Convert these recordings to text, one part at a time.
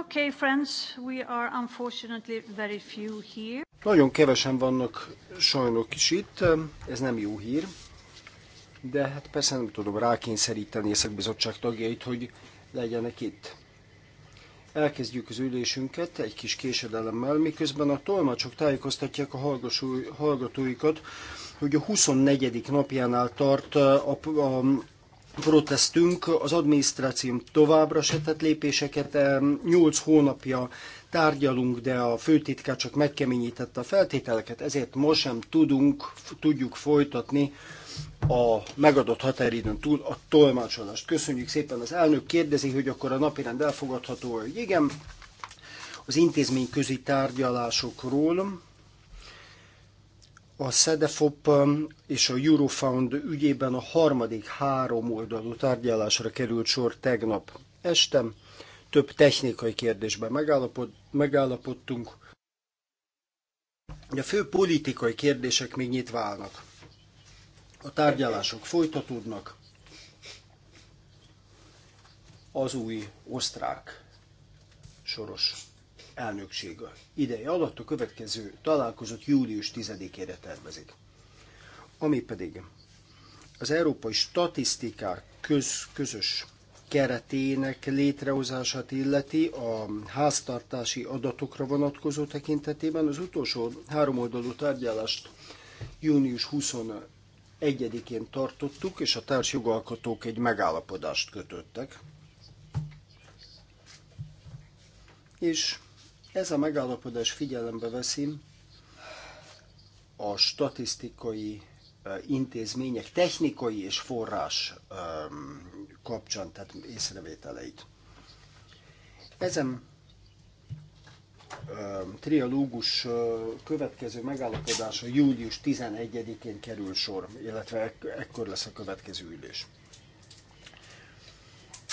Okay, friends, we are unfortunately very few here. Nagyon kevesen vannak sajnos is itt, ez nem jó hír, de hát persze nem tudom rákényszeríteni a szakbizottság tagjait, hogy legyenek itt. Elkezdjük az ülésünket egy kis késedelemmel, miközben a tolmácsok tájékoztatják a hallgatóikat, hogy a 24. napjánál tart eh, a, a, protestünk, az adminisztrációm továbbra se tett lépéseket, nyolc hónapja tárgyalunk, de a főtitkár csak megkeményítette a feltételeket, ezért most sem tudunk, tudjuk folytatni a megadott határidőn túl a tolmácsolást. Köszönjük szépen, az elnök kérdezi, hogy akkor a napirend elfogadható, hogy igen, az intézményközi tárgyalásokról a SEDEFOP um, és a Eurofound ügyében a harmadik három oldalú tárgyalásra került sor tegnap este. Több technikai kérdésben megállapod, megállapodtunk. A fő politikai kérdések még nyitva állnak. A tárgyalások folytatódnak. Az új osztrák soros elnöksége ideje alatt a következő találkozót július 10-ére tervezik. Ami pedig az Európai Statisztikák köz, közös keretének létrehozását illeti a háztartási adatokra vonatkozó tekintetében. Az utolsó három oldalú tárgyalást június 21-én tartottuk, és a társjogalkotók egy megállapodást kötöttek. És ez a megállapodás figyelembe veszi a statisztikai intézmények technikai és forrás kapcsán, tehát észrevételeit. Ezen trialógus következő megállapodása július 11-én kerül sor, illetve ekkor lesz a következő ülés.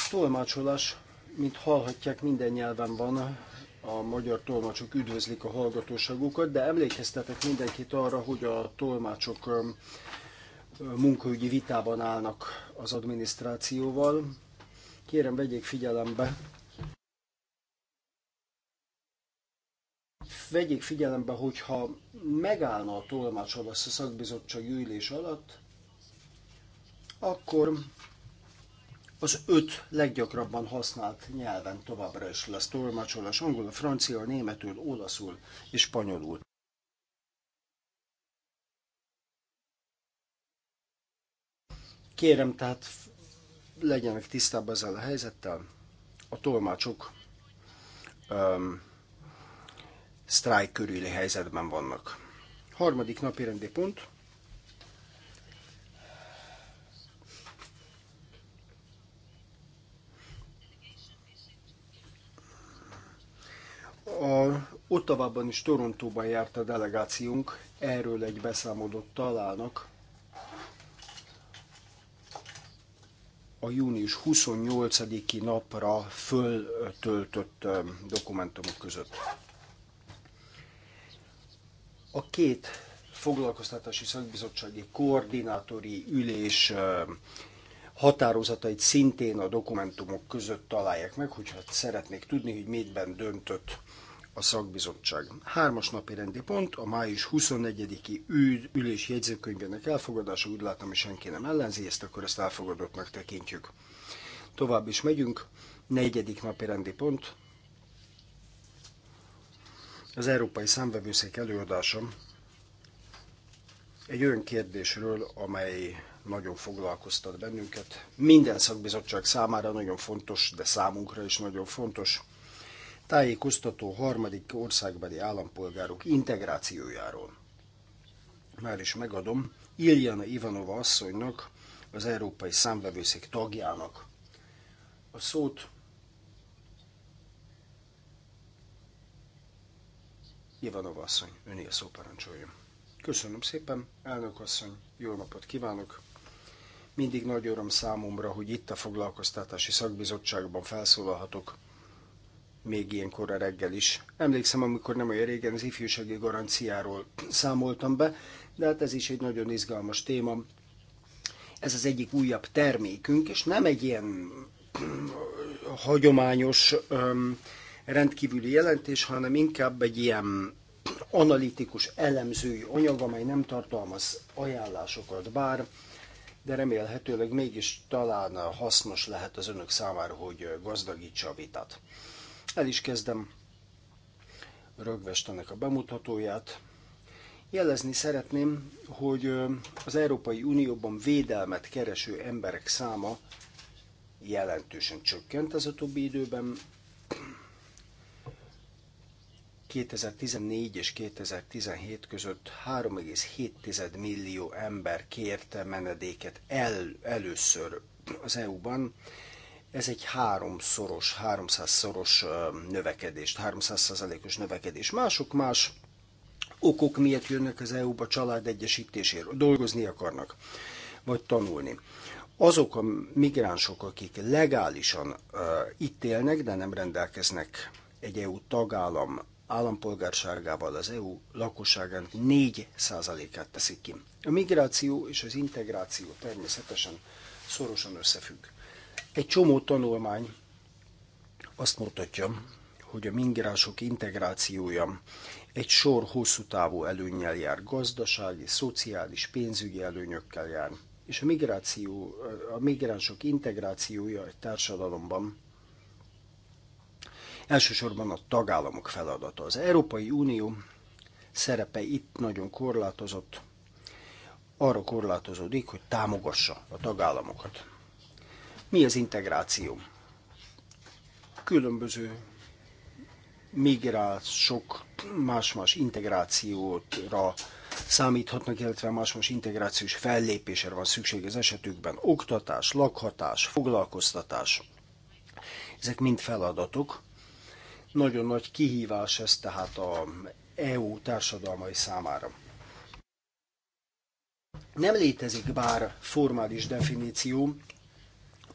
Tolmácsolás, mint hallhatják, minden nyelven van, a magyar tolmácsok üdvözlik a hallgatóságukat, de emlékeztetek mindenkit arra, hogy a tolmácsok munkaügyi vitában állnak az adminisztrációval. Kérem, vegyék figyelembe, vegyék figyelembe, hogyha megállna a tolmácsolás a szakbizottság ülés alatt, akkor az öt leggyakrabban használt nyelven továbbra is lesz tolmácsolás angolul, francia, németül, olaszul és spanyolul. Kérem, tehát legyenek tisztában ezzel a helyzettel. A tolmácsok um, sztrájk körüli helyzetben vannak. Harmadik napi rendi pont. a Ottavában és Torontóban járt a delegációnk, erről egy beszámolót találnak. A június 28-i napra föltöltött dokumentumok között. A két foglalkoztatási szakbizottsági koordinátori ülés határozatait szintén a dokumentumok között találják meg, hogyha szeretnék tudni, hogy mitben döntött a szakbizottság. Hármas napi rendi pont, a május 24-i ülés jegyzőkönyvének elfogadása, úgy látom, hogy senki nem ellenzi, ezt akkor ezt elfogadottnak tekintjük. Tovább is megyünk, negyedik napi rendi pont, az Európai Számvevőszék előadása egy olyan kérdésről, amely nagyon foglalkoztat bennünket. Minden szakbizottság számára nagyon fontos, de számunkra is nagyon fontos tájékoztató harmadik országbeli állampolgárok integrációjáról. Már is megadom Iljana Ivanova asszonynak, az Európai Számvevőszék tagjának. A szót Ivanova asszony, öné a szóparancsolja. Köszönöm szépen, elnök asszony, jó napot kívánok! Mindig nagy öröm számomra, hogy itt a foglalkoztatási szakbizottságban felszólalhatok még ilyen korra reggel is. Emlékszem, amikor nem olyan régen az ifjúsági garanciáról számoltam be, de hát ez is egy nagyon izgalmas téma. Ez az egyik újabb termékünk, és nem egy ilyen hagyományos, rendkívüli jelentés, hanem inkább egy ilyen analitikus, elemzői anyag, amely nem tartalmaz ajánlásokat, bár de remélhetőleg mégis talán hasznos lehet az önök számára, hogy gazdagítsa a vitát. El is kezdem rögvestenek a bemutatóját. Jelezni szeretném, hogy az Európai Unióban védelmet kereső emberek száma jelentősen csökkent az utóbbi időben. 2014 és 2017 között 3,7 millió ember kérte menedéket el, először az EU-ban, ez egy háromszoros, 300-szoros növekedést, 300%-os növekedés. Mások más okok miatt jönnek az EU-ba család egyesítéséről, dolgozni akarnak, vagy tanulni. Azok a migránsok, akik legálisan uh, itt élnek, de nem rendelkeznek egy EU tagállam állampolgárságával az EU lakosságának 4%-át teszik ki. A migráció és az integráció természetesen szorosan összefügg. Egy csomó tanulmány azt mutatja, hogy a migránsok integrációja egy sor hosszú távú előnnyel jár, gazdasági, szociális, pénzügyi előnyökkel jár. És a, migráció, a migránsok integrációja egy társadalomban elsősorban a tagállamok feladata. Az Európai Unió szerepe itt nagyon korlátozott, arra korlátozódik, hogy támogassa a tagállamokat. Mi az integráció? Különböző migrációk, más-más integrációra számíthatnak, illetve más-más integrációs fellépésre van szükség az esetükben. Oktatás, lakhatás, foglalkoztatás. Ezek mind feladatok. Nagyon nagy kihívás ez tehát a EU társadalmai számára. Nem létezik bár formális definíció,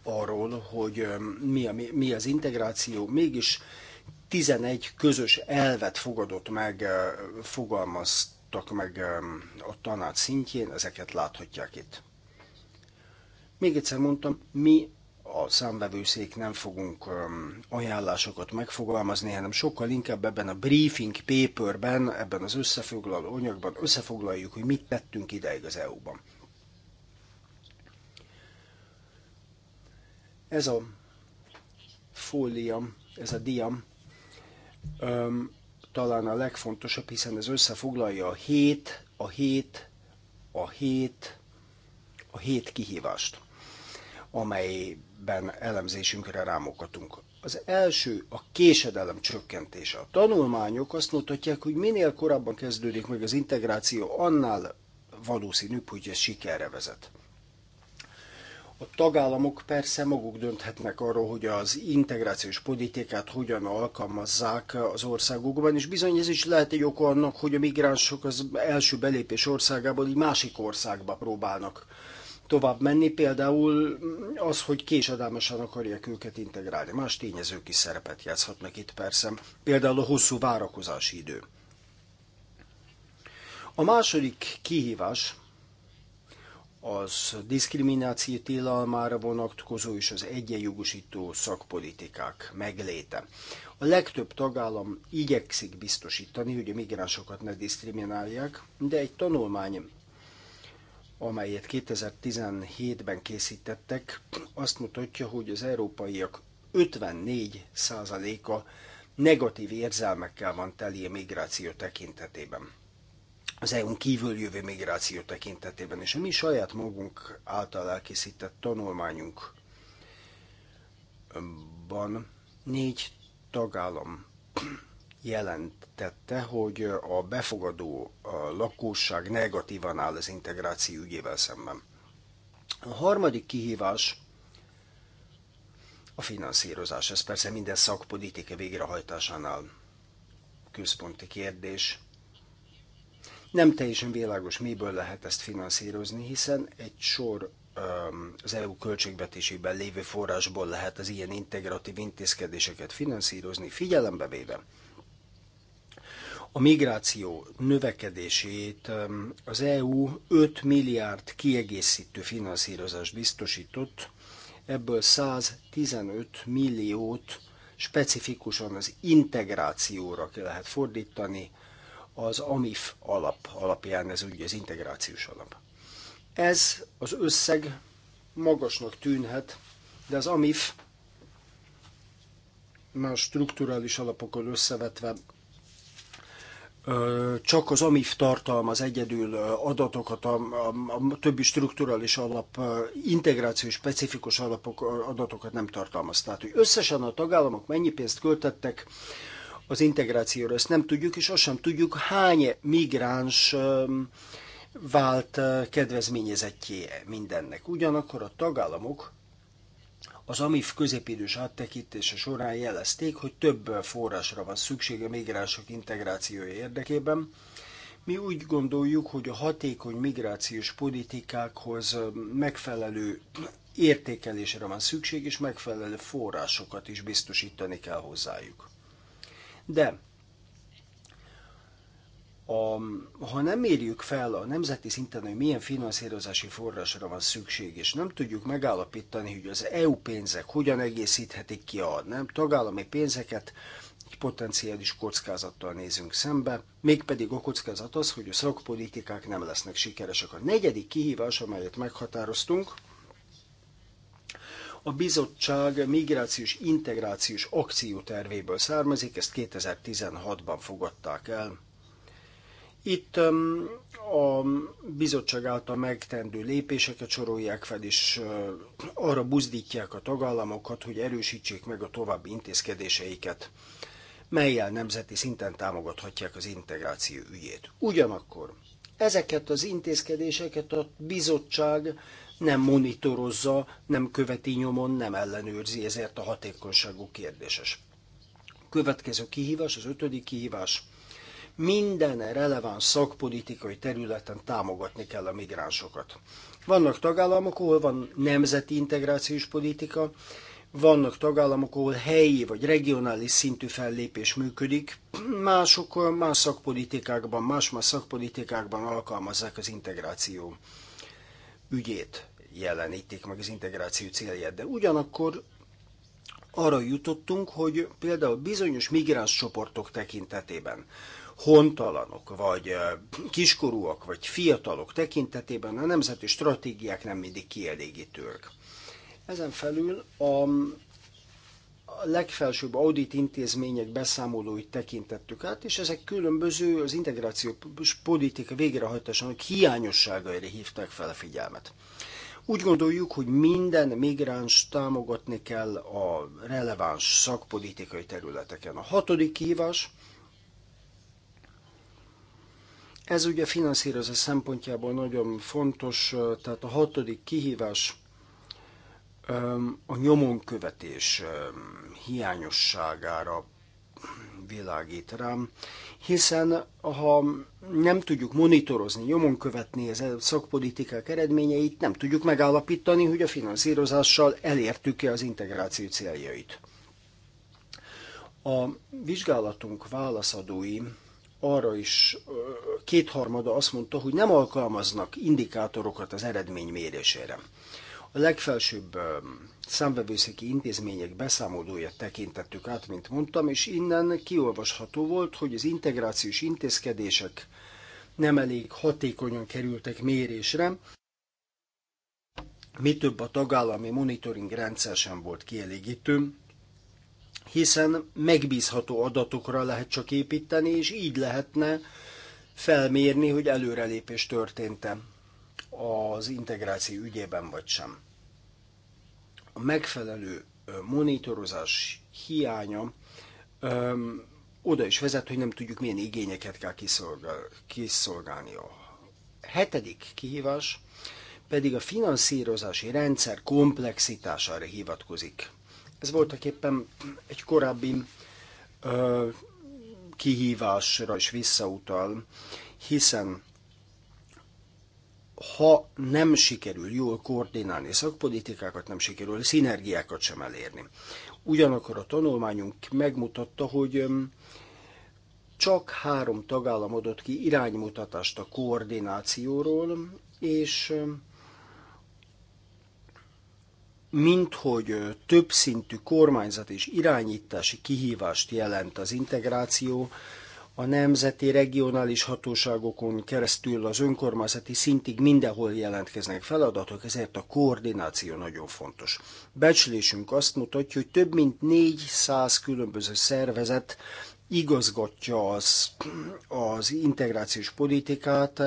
arról, hogy mi, a, mi az integráció, mégis 11 közös elvet fogadott meg, fogalmaztak meg a tanács szintjén, ezeket láthatják itt. Még egyszer mondtam, mi a számvevőszék nem fogunk ajánlásokat megfogalmazni, hanem sokkal inkább ebben a briefing paperben, ebben az összefoglaló anyagban összefoglaljuk, hogy mit tettünk ideig az EU-ban. Ez a fóliam, ez a diam öm, talán a legfontosabb, hiszen ez összefoglalja a hét, a hét, a hét, a hét kihívást, amelyben elemzésünkre rámokatunk. Az első a késedelem csökkentése. A tanulmányok azt mutatják, hogy minél korábban kezdődik meg az integráció, annál valószínűbb, hogy ez sikerre vezet. A tagállamok persze maguk dönthetnek arról, hogy az integrációs politikát hogyan alkalmazzák az országokban, és bizony ez is lehet egy oka annak, hogy a migránsok az első belépés országából egy másik országba próbálnak tovább menni, például az, hogy késedelmesen akarják őket integrálni. Más tényezők is szerepet játszhatnak itt persze, például a hosszú várakozási idő. A második kihívás, az diszkrimináció tilalmára vonatkozó és az egyenjogosító szakpolitikák megléte. A legtöbb tagállam igyekszik biztosítani, hogy a migránsokat ne diszkriminálják, de egy tanulmány, amelyet 2017-ben készítettek, azt mutatja, hogy az európaiak 54%-a negatív érzelmekkel van teli a migráció tekintetében az EU-n kívül jövő migráció tekintetében. És a mi saját magunk által elkészített tanulmányunkban négy tagállam jelentette, hogy a befogadó lakosság negatívan áll az integráció ügyével szemben. A harmadik kihívás a finanszírozás. Ez persze minden szakpolitika végrehajtásánál központi kérdés. Nem teljesen világos, miből lehet ezt finanszírozni, hiszen egy sor az EU költségvetésében lévő forrásból lehet az ilyen integratív intézkedéseket finanszírozni, figyelembe véve a migráció növekedését az EU 5 milliárd kiegészítő finanszírozást biztosított, ebből 115 milliót specifikusan az integrációra ki lehet fordítani, az AMIF alap alapján, ez ugye az integrációs alap. Ez az összeg magasnak tűnhet, de az AMIF más strukturális alapokon összevetve csak az AMIF tartalmaz egyedül adatokat a, a, a többi strukturális alap, integrációs specifikus alapok adatokat nem tartalmaz. Tehát, hogy összesen a tagállamok mennyi pénzt költettek az integrációra. Ezt nem tudjuk, és azt sem tudjuk, hány migráns vált kedvezményezettjé mindennek. Ugyanakkor a tagállamok az AMIF középidős áttekintése során jelezték, hogy több forrásra van szükség a migránsok integrációja érdekében. Mi úgy gondoljuk, hogy a hatékony migrációs politikákhoz megfelelő értékelésre van szükség, és megfelelő forrásokat is biztosítani kell hozzájuk. De a, ha nem mérjük fel a nemzeti szinten, hogy milyen finanszírozási forrásra van szükség, és nem tudjuk megállapítani, hogy az EU pénzek hogyan egészíthetik ki a nem tagállami pénzeket, egy potenciális kockázattal nézünk szembe, mégpedig a kockázat az, hogy a szakpolitikák nem lesznek sikeresek. A negyedik kihívás, amelyet meghatároztunk, a bizottság migrációs integrációs akciótervéből származik, ezt 2016-ban fogadták el. Itt a bizottság által megtendő lépéseket sorolják fel, és arra buzdítják a tagállamokat, hogy erősítsék meg a további intézkedéseiket, melyel nemzeti szinten támogathatják az integráció ügyét. Ugyanakkor ezeket az intézkedéseket a bizottság nem monitorozza, nem követi nyomon, nem ellenőrzi, ezért a hatékonyságú kérdéses. Következő kihívás, az ötödik kihívás. Minden releváns szakpolitikai területen támogatni kell a migránsokat. Vannak tagállamok, ahol van nemzeti integrációs politika, vannak tagállamok, ahol helyi vagy regionális szintű fellépés működik, mások más szakpolitikákban, más-más szakpolitikákban alkalmazzák az integráció ügyét jelenítik meg az integráció célját, de ugyanakkor arra jutottunk, hogy például bizonyos migráns csoportok tekintetében, hontalanok, vagy kiskorúak, vagy fiatalok tekintetében a nemzeti stratégiák nem mindig kielégítőek. Ezen felül a legfelsőbb audit intézmények beszámolóit tekintettük át, és ezek különböző az integrációs politika végrehajtásának hiányosságaira hívták fel a figyelmet. Úgy gondoljuk, hogy minden migráns támogatni kell a releváns szakpolitikai területeken. A hatodik kihívás ez ugye finanszírozás szempontjából nagyon fontos, tehát a hatodik kihívás a nyomonkövetés hiányosságára világít rám, hiszen ha nem tudjuk monitorozni, nyomon követni az e- szakpolitikák eredményeit, nem tudjuk megállapítani, hogy a finanszírozással elértük-e az integráció céljait. A vizsgálatunk válaszadói arra is kétharmada azt mondta, hogy nem alkalmaznak indikátorokat az eredmény mérésére. A legfelsőbb számbevőszéki intézmények beszámolóját tekintettük át, mint mondtam, és innen kiolvasható volt, hogy az integrációs intézkedések nem elég hatékonyan kerültek mérésre, mi több a tagállami monitoring rendszer sem volt kielégítő, hiszen megbízható adatokra lehet csak építeni, és így lehetne felmérni, hogy előrelépés történt-e az integráció ügyében vagy sem a megfelelő monitorozás hiánya öm, oda is vezet, hogy nem tudjuk, milyen igényeket kell kiszolgál, kiszolgálni. A hetedik kihívás pedig a finanszírozási rendszer komplexitására hivatkozik. Ez voltak éppen egy korábbi ö, kihívásra is visszautal, hiszen ha nem sikerül jól koordinálni szakpolitikákat, nem sikerül szinergiákat sem elérni. Ugyanakkor a tanulmányunk megmutatta, hogy csak három tagállam adott ki iránymutatást a koordinációról, és minthogy többszintű kormányzat és irányítási kihívást jelent az integráció, a nemzeti, regionális hatóságokon keresztül az önkormányzati szintig mindenhol jelentkeznek feladatok, ezért a koordináció nagyon fontos. Becslésünk azt mutatja, hogy több mint 400 különböző szervezet igazgatja az, az integrációs politikát,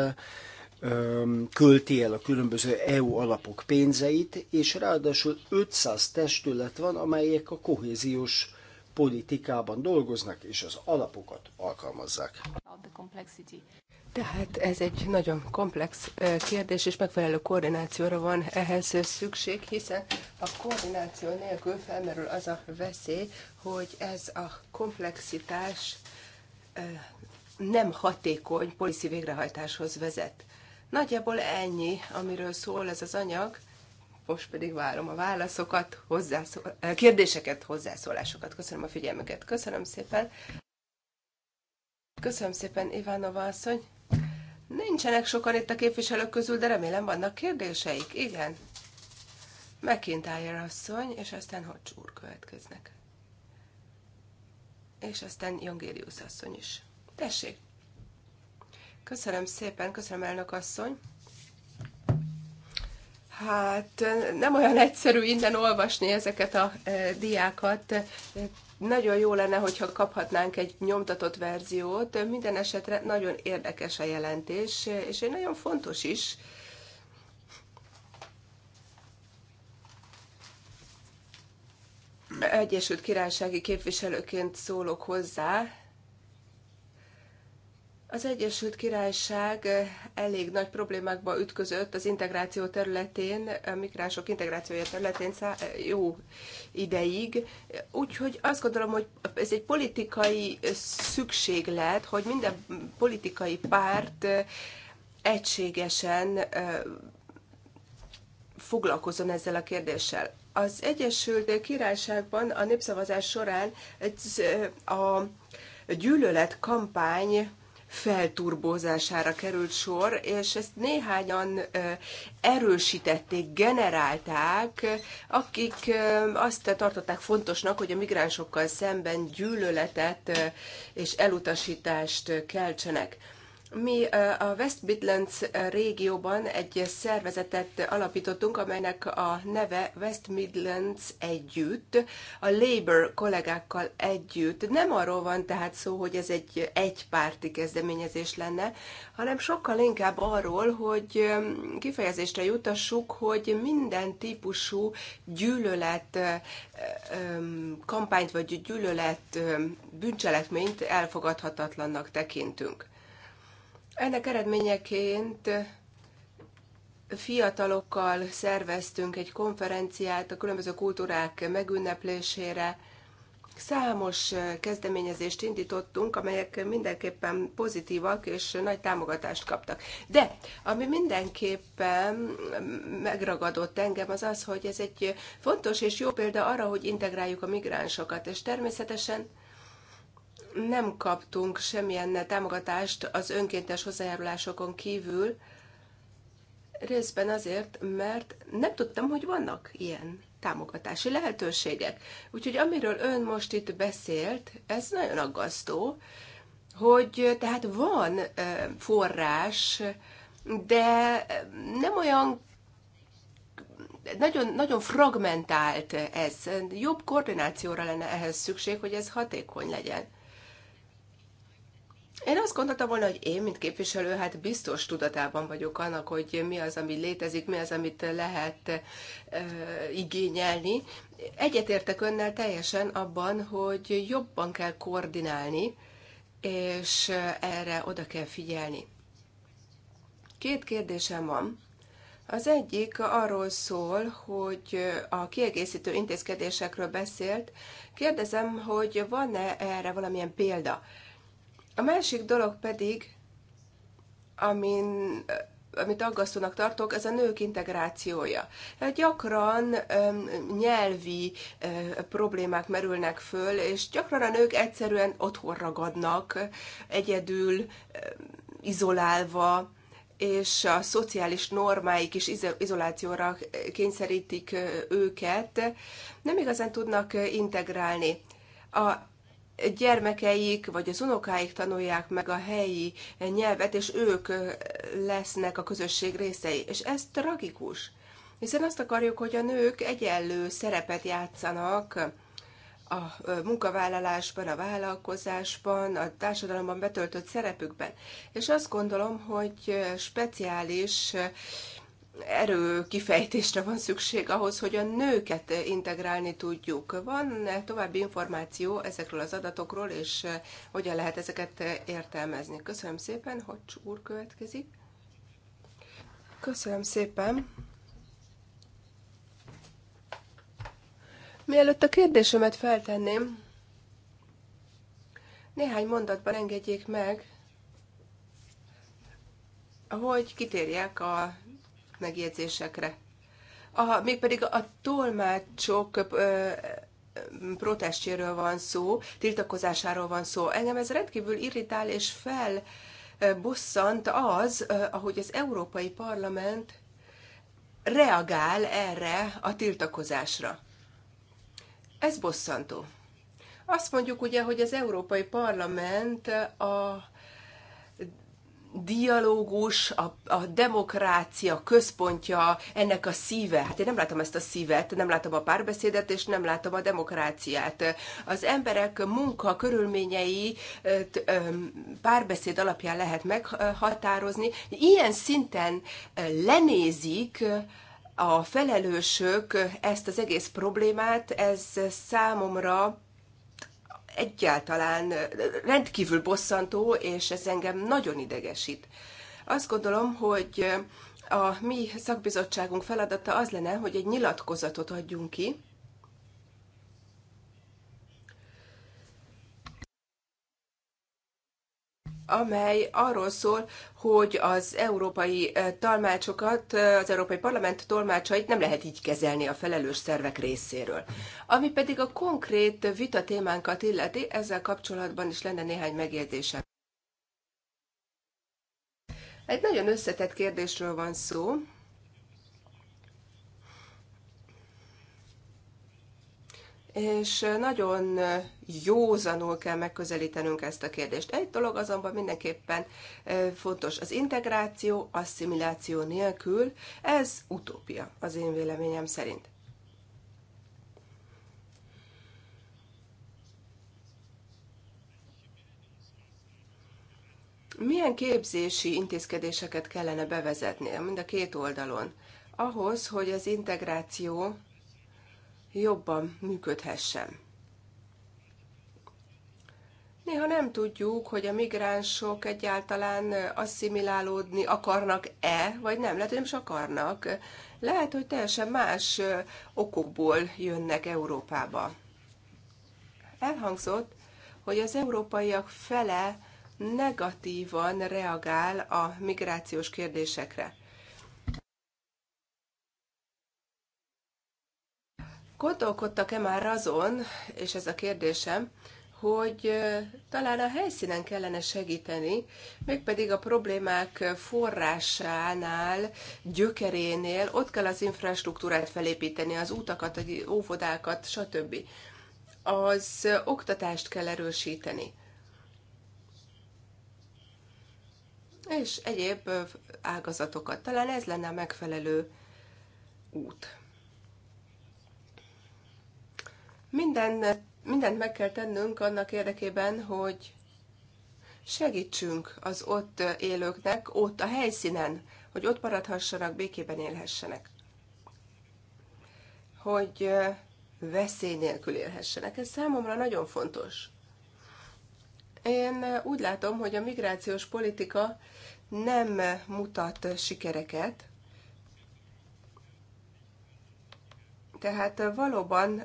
költi el a különböző EU alapok pénzeit, és ráadásul 500 testület van, amelyek a kohéziós politikában dolgoznak, és az alapokat alkalmazzák. Tehát ez egy nagyon komplex kérdés, és megfelelő koordinációra van ehhez szükség, hiszen a koordináció nélkül felmerül az a veszély, hogy ez a komplexitás nem hatékony policy végrehajtáshoz vezet. Nagyjából ennyi, amiről szól ez az anyag most pedig várom a válaszokat, hozzászól, eh, kérdéseket, hozzászólásokat. Köszönöm a figyelmüket. Köszönöm szépen. Köszönöm szépen, Ivánova asszony. Nincsenek sokan itt a képviselők közül, de remélem vannak kérdéseik. Igen. a asszony, és aztán Hocs úr következnek. És aztán Jongériusz asszony is. Tessék! Köszönöm szépen, köszönöm elnök asszony. Hát nem olyan egyszerű innen olvasni ezeket a e, diákat. Nagyon jó lenne, hogyha kaphatnánk egy nyomtatott verziót. Minden esetre nagyon érdekes a jelentés, és egy nagyon fontos is. Egyesült Királysági képviselőként szólok hozzá, az Egyesült Királyság eh, elég nagy problémákba ütközött az integráció területén, a migránsok integrációja területén eh, jó ideig. Úgyhogy azt gondolom, hogy ez egy politikai eh, szükséglet, hogy minden politikai párt egységesen foglalkozon ezzel a kérdéssel. Az Egyesült Királyságban a népszavazás során a gyűlölet kampány felturbózására került sor, és ezt néhányan erősítették, generálták, akik azt tartották fontosnak, hogy a migránsokkal szemben gyűlöletet és elutasítást keltsenek. Mi a West Midlands régióban egy szervezetet alapítottunk, amelynek a neve West Midlands Együtt, a Labour kollégákkal együtt. Nem arról van tehát szó, hogy ez egy egypárti kezdeményezés lenne, hanem sokkal inkább arról, hogy kifejezésre jutassuk, hogy minden típusú gyűlölet kampányt vagy gyűlölet bűncselekményt elfogadhatatlannak tekintünk. Ennek eredményeként fiatalokkal szerveztünk egy konferenciát a különböző kultúrák megünneplésére. Számos kezdeményezést indítottunk, amelyek mindenképpen pozitívak és nagy támogatást kaptak. De ami mindenképpen megragadott engem, az az, hogy ez egy fontos és jó példa arra, hogy integráljuk a migránsokat, és természetesen nem kaptunk semmilyen támogatást az önkéntes hozzájárulásokon kívül, részben azért, mert nem tudtam, hogy vannak ilyen támogatási lehetőségek. Úgyhogy amiről ön most itt beszélt, ez nagyon aggasztó, hogy tehát van forrás, de nem olyan nagyon, nagyon fragmentált ez. Jobb koordinációra lenne ehhez szükség, hogy ez hatékony legyen. Én azt gondoltam volna, hogy én, mint képviselő, hát biztos tudatában vagyok annak, hogy mi az, ami létezik, mi az, amit lehet e, igényelni. Egyetértek önnel teljesen abban, hogy jobban kell koordinálni, és erre oda kell figyelni. Két kérdésem van. Az egyik arról szól, hogy a kiegészítő intézkedésekről beszélt. Kérdezem, hogy van-e erre valamilyen példa? A másik dolog pedig, amin, amit aggasztónak tartok, ez a nők integrációja. Hát gyakran nyelvi problémák merülnek föl, és gyakran a nők egyszerűen otthon ragadnak, egyedül, izolálva, és a szociális normáik is izolációra kényszerítik őket, nem igazán tudnak integrálni. A gyermekeik vagy az unokáik tanulják meg a helyi nyelvet, és ők lesznek a közösség részei. És ez tragikus, hiszen azt akarjuk, hogy a nők egyenlő szerepet játszanak a munkavállalásban, a vállalkozásban, a társadalomban betöltött szerepükben. És azt gondolom, hogy speciális erő kifejtésre van szükség ahhoz, hogy a nőket integrálni tudjuk. Van -e további információ ezekről az adatokról, és eh, hogyan lehet ezeket eh, értelmezni? Köszönöm szépen, hogy úr következik. Köszönöm szépen. Mielőtt a kérdésemet feltenném, néhány mondatban engedjék meg, hogy kitérjek a megjegyzésekre. A, mégpedig a tolmácsok protestjéről van szó, tiltakozásáról van szó. Engem ez rendkívül irritál és fel bosszant az, ahogy az Európai Parlament reagál erre a tiltakozásra. Ez bosszantó. Azt mondjuk ugye, hogy az Európai Parlament a dialógus, a, a demokrácia központja, ennek a szíve. Hát én nem látom ezt a szívet, nem látom a párbeszédet, és nem látom a demokráciát. Az emberek munka körülményei párbeszéd alapján lehet meghatározni. Ilyen szinten lenézik a felelősök ezt az egész problémát, ez számomra egyáltalán rendkívül bosszantó, és ez engem nagyon idegesít. Azt gondolom, hogy a mi szakbizottságunk feladata az lenne, hogy egy nyilatkozatot adjunk ki, amely arról szól, hogy az európai eh, tolmácsokat, eh, az Európai Parlament tolmácsait nem lehet így kezelni a felelős szervek részéről. Ami pedig a konkrét vita témánkat illeti, ezzel kapcsolatban is lenne néhány megjegyzésem. Egy nagyon összetett kérdésről van szó, és nagyon józanul kell megközelítenünk ezt a kérdést. Egy dolog azonban mindenképpen fontos, az integráció, asszimiláció nélkül, ez utópia az én véleményem szerint. Milyen képzési intézkedéseket kellene bevezetni mind a két oldalon ahhoz, hogy az integráció jobban működhessen. Néha nem tudjuk, hogy a migránsok egyáltalán asszimilálódni akarnak-e, vagy nem. Lehet, hogy nem is akarnak. Lehet, hogy teljesen más okokból jönnek Európába. Elhangzott, hogy az európaiak fele negatívan reagál a migrációs kérdésekre. Gondolkodtak-e már azon, és ez a kérdésem, hogy talán a helyszínen kellene segíteni, mégpedig a problémák forrásánál, gyökerénél, ott kell az infrastruktúrát felépíteni, az útakat, az óvodákat, stb. Az oktatást kell erősíteni. És egyéb ágazatokat. Talán ez lenne a megfelelő út. Minden, mindent meg kell tennünk annak érdekében, hogy segítsünk az ott élőknek, ott a helyszínen, hogy ott maradhassanak, békében élhessenek. Hogy veszély nélkül élhessenek. Ez számomra nagyon fontos. Én úgy látom, hogy a migrációs politika nem mutat sikereket, tehát valóban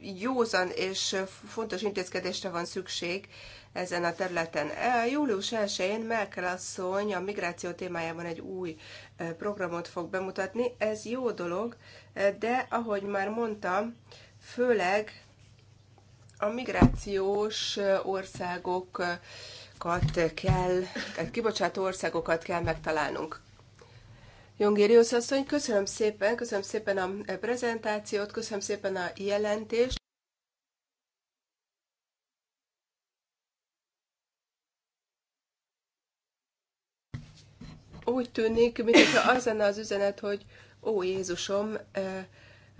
józan és fontos intézkedésre van szükség ezen a területen. E, július 1-én Merkel asszony a migráció témájában egy új e, programot fog bemutatni. Ez jó dolog, e, de ahogy már mondtam, főleg a migrációs országokat kell, tehát kibocsátó országokat kell megtalálnunk. Jongérius asszony, köszönöm szépen, köszönöm szépen a prezentációt, köszönöm szépen a jelentést. Úgy tűnik, mintha az lenne az üzenet, hogy ó Jézusom, eh,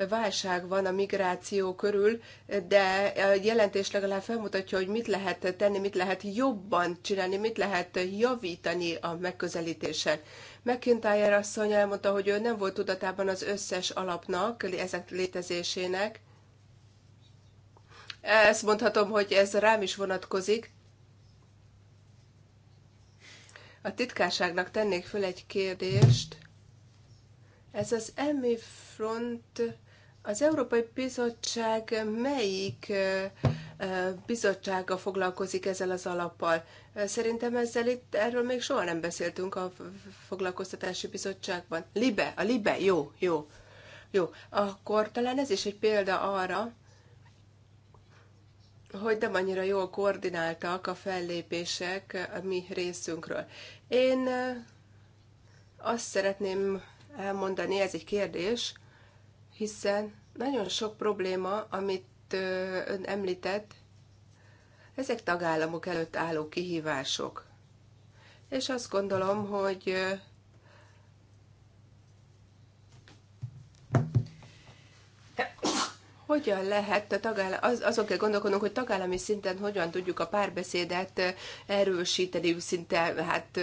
válság van a migráció körül, de a jelentés legalább felmutatja, hogy mit lehet tenni, mit lehet jobban csinálni, mit lehet javítani a megközelítésen. McIntyre asszony elmondta, hogy ő nem volt tudatában az összes alapnak, ezek létezésének. Ezt mondhatom, hogy ez rám is vonatkozik. A titkárságnak tennék föl egy kérdést ez az EMI front, az Európai Bizottság melyik bizottsága foglalkozik ezzel az alappal? Szerintem ezzel itt, erről még soha nem beszéltünk a foglalkoztatási bizottságban. Libe, a Libe, jó, jó, jó. Akkor talán ez is egy példa arra, hogy nem annyira jól koordináltak a fellépések a mi részünkről. Én azt szeretném elmondani, ez egy kérdés, hiszen nagyon sok probléma, amit ön említett, ezek tagállamok előtt álló kihívások. És azt gondolom, hogy hogyan lehet a tagállam, az, azon kell gondolkodnunk, hogy tagállami szinten hogyan tudjuk a párbeszédet erősíteni, szinte hát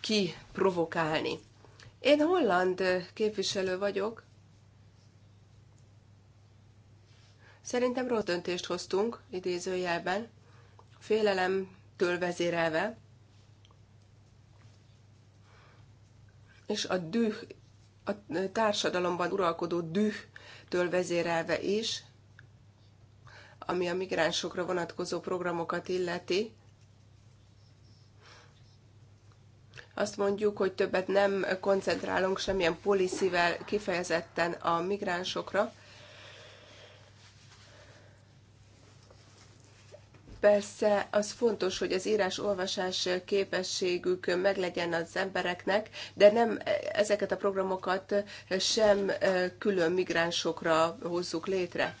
kiprovokálni? Én holland képviselő vagyok. Szerintem rossz döntést hoztunk, idézőjelben, félelemtől vezérelve, és a düh, a társadalomban uralkodó dühtől vezérelve is, ami a migránsokra vonatkozó programokat illeti, Azt mondjuk, hogy többet nem koncentrálunk semmilyen poliszivel kifejezetten a migránsokra. Persze az fontos, hogy az írás-olvasás képességük meglegyen az embereknek, de nem ezeket a programokat sem külön migránsokra hozzuk létre.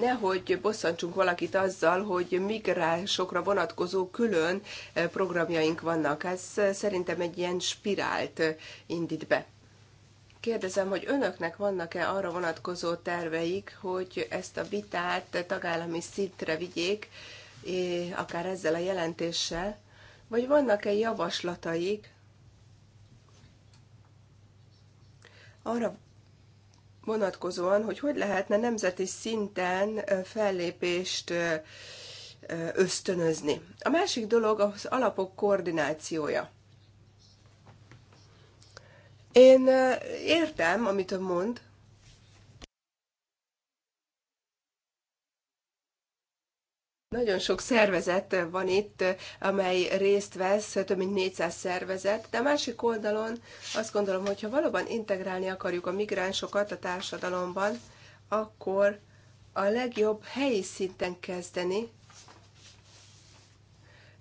nehogy bosszantsunk valakit azzal, hogy migránsokra vonatkozó külön eh, programjaink vannak. Ez eh, szerintem egy ilyen spirált eh, indít be. Kérdezem, hogy önöknek vannak-e arra vonatkozó terveik, hogy ezt a vitát tagállami szintre vigyék, akár ezzel a jelentéssel, vagy vannak-e javaslataik arra vonatkozóan, hogy hogy lehetne nemzeti szinten fellépést ösztönözni. A másik dolog az alapok koordinációja. Én értem, amit ön mond, Nagyon sok szervezet van itt, amely részt vesz, több mint 400 szervezet, de a másik oldalon azt gondolom, hogy ha valóban integrálni akarjuk a migránsokat a társadalomban, akkor a legjobb helyi szinten kezdeni,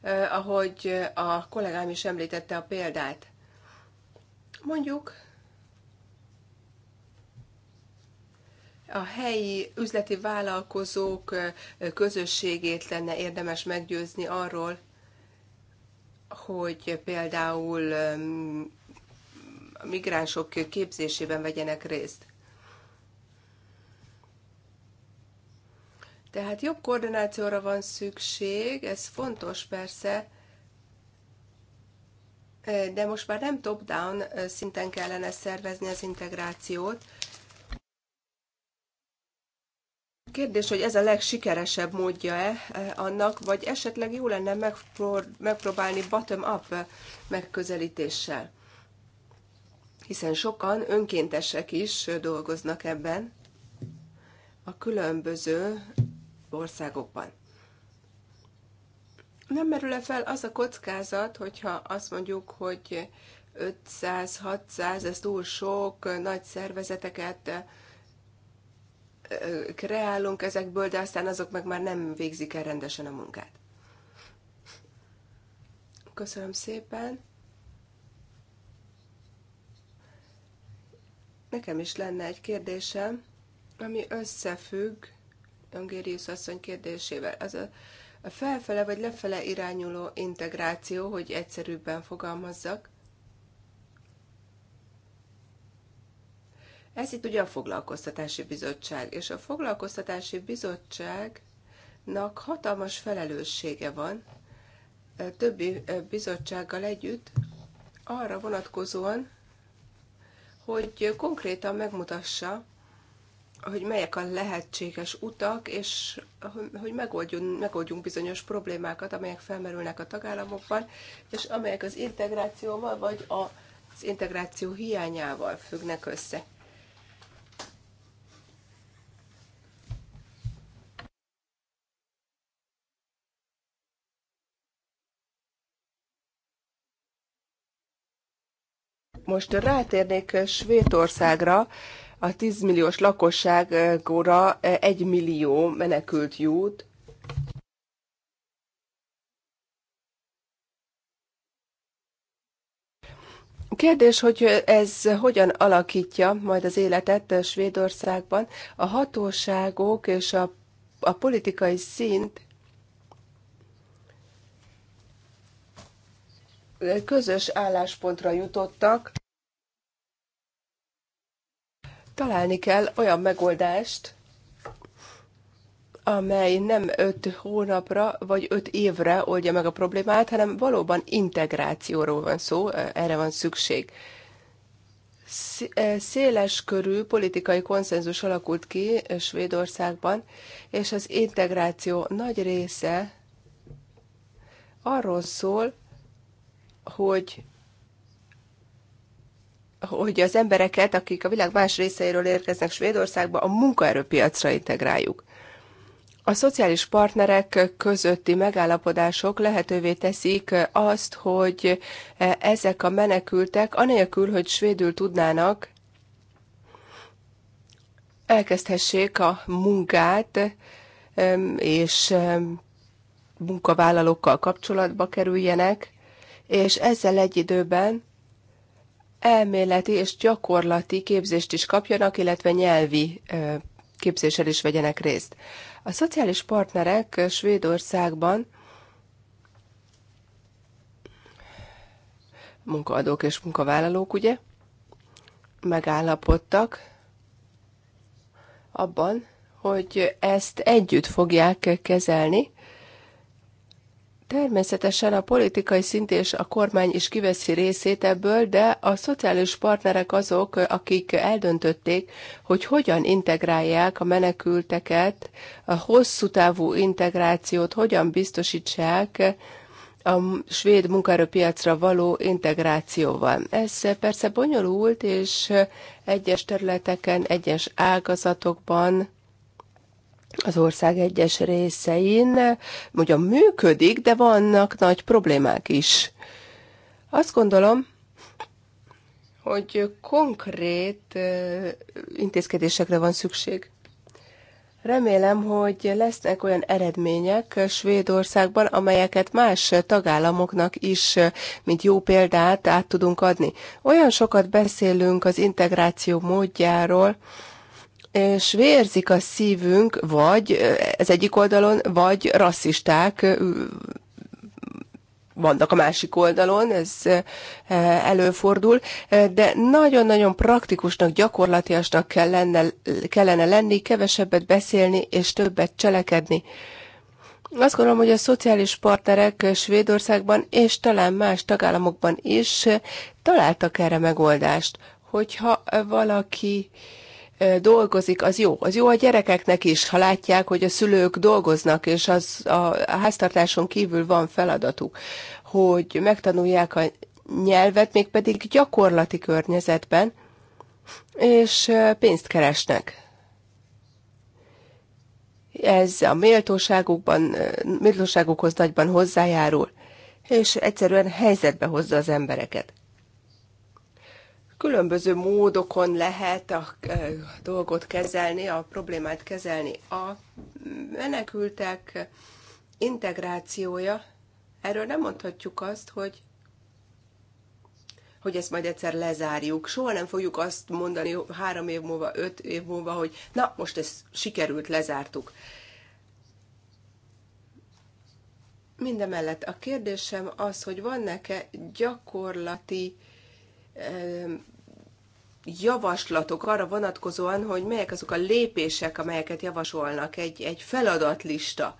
eh, ahogy a kollégám is említette a példát. Mondjuk a helyi üzleti vállalkozók közösségét lenne érdemes meggyőzni arról, hogy például a migránsok képzésében vegyenek részt. Tehát jobb koordinációra van szükség, ez fontos persze, de most már nem top-down szinten kellene szervezni az integrációt, Kérdés, hogy ez a legsikeresebb módja-e e, annak, vagy esetleg jó lenne megpróbálni bottom-up megközelítéssel? Hiszen sokan önkéntesek is dolgoznak ebben a különböző országokban. Nem merül-e fel az a kockázat, hogyha azt mondjuk, hogy 500-600, ez túl sok, nagy szervezeteket, kreálunk ezekből, de aztán azok meg már nem végzik el rendesen a munkát. Köszönöm szépen! Nekem is lenne egy kérdésem, ami összefügg Angérius asszony kérdésével. Az a, a felfele vagy lefele irányuló integráció, hogy egyszerűbben fogalmazzak. Ez itt ugye a Foglalkoztatási Bizottság, és a Foglalkoztatási Bizottságnak hatalmas felelőssége van többi bizottsággal együtt arra vonatkozóan, hogy konkrétan megmutassa, hogy melyek a lehetséges utak, és hogy megoldjunk, megoldjunk bizonyos problémákat, amelyek felmerülnek a tagállamokban, és amelyek az integrációval vagy az integráció hiányával függnek össze. Most rátérnék Svédországra, a 10 milliós lakosságra 1 millió menekült jut, Kérdés, hogy ez hogyan alakítja majd az életet Svédországban. A hatóságok és a, a politikai szint közös álláspontra jutottak. Találni kell olyan megoldást, amely nem öt hónapra vagy öt évre oldja meg a problémát, hanem valóban integrációról van szó, erre van szükség. E, széles körű politikai konszenzus alakult ki Svédországban, és az integráció nagy része arról szól, hogy hogy az embereket, akik a világ más részeiről érkeznek Svédországba, a munkaerőpiacra integráljuk. A szociális partnerek közötti megállapodások lehetővé teszik azt, hogy ezek a menekültek, anélkül, hogy svédül tudnának, elkezdhessék a munkát, és munkavállalókkal kapcsolatba kerüljenek, és ezzel egy időben elméleti és gyakorlati képzést is kapjanak, illetve nyelvi képzéssel is vegyenek részt. A szociális partnerek Svédországban munkaadók és munkavállalók, ugye, megállapodtak abban, hogy ezt együtt fogják kezelni, Természetesen a politikai szint és a kormány is kiveszi részét ebből, de a szociális partnerek azok, akik eldöntötték, hogy hogyan integrálják a menekülteket, a hosszú távú integrációt hogyan biztosítsák a svéd munkaerőpiacra való integrációval. Ez persze bonyolult, és egyes területeken, egyes ágazatokban az ország egyes részein a működik, de vannak nagy problémák is. Azt gondolom, hogy konkrét intézkedésekre van szükség. Remélem, hogy lesznek olyan eredmények Svédországban, amelyeket más tagállamoknak is, mint jó példát át tudunk adni. Olyan sokat beszélünk az integráció módjáról, és vérzik a szívünk, vagy ez egyik oldalon, vagy rasszisták vannak a másik oldalon, ez előfordul, de nagyon-nagyon praktikusnak, gyakorlatiasnak kellene, kellene lenni, kevesebbet beszélni és többet cselekedni. Azt gondolom, hogy a szociális partnerek Svédországban és talán más tagállamokban is találtak erre megoldást, hogyha valaki dolgozik, az jó. Az jó a gyerekeknek is, ha látják, hogy a szülők dolgoznak, és az a háztartáson kívül van feladatuk, hogy megtanulják a nyelvet, mégpedig gyakorlati környezetben, és pénzt keresnek. Ez a méltóságukban, méltóságukhoz nagyban hozzájárul, és egyszerűen helyzetbe hozza az embereket. Különböző módokon lehet a e, dolgot kezelni, a problémát kezelni. A menekültek integrációja, erről nem mondhatjuk azt, hogy hogy ezt majd egyszer lezárjuk. Soha nem fogjuk azt mondani három év múlva, öt év múlva, hogy na, most ez sikerült, lezártuk. Mindemellett a kérdésem az, hogy van e gyakorlati javaslatok arra vonatkozóan, hogy melyek azok a lépések, amelyeket javasolnak, egy, egy feladatlista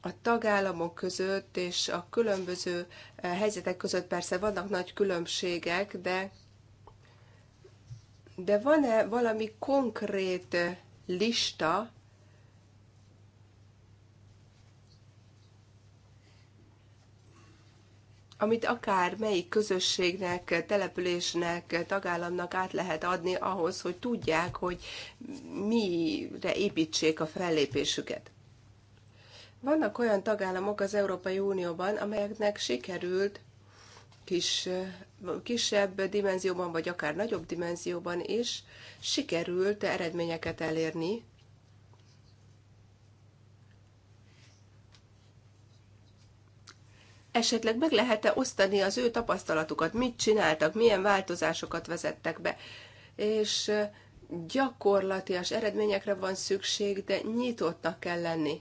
a tagállamok között és a különböző eh, helyzetek között persze vannak nagy különbségek, de, de van-e valami konkrét eh, lista, amit akár melyik közösségnek, településnek, tagállamnak át lehet adni ahhoz, hogy tudják, hogy mire építsék a fellépésüket. Vannak olyan tagállamok az Európai Unióban, amelyeknek sikerült kis, kisebb dimenzióban, vagy akár nagyobb dimenzióban is sikerült eredményeket elérni esetleg meg lehet-e osztani az ő tapasztalatukat, mit csináltak, milyen változásokat vezettek be. És gyakorlatias eredményekre van szükség, de nyitottnak kell lenni.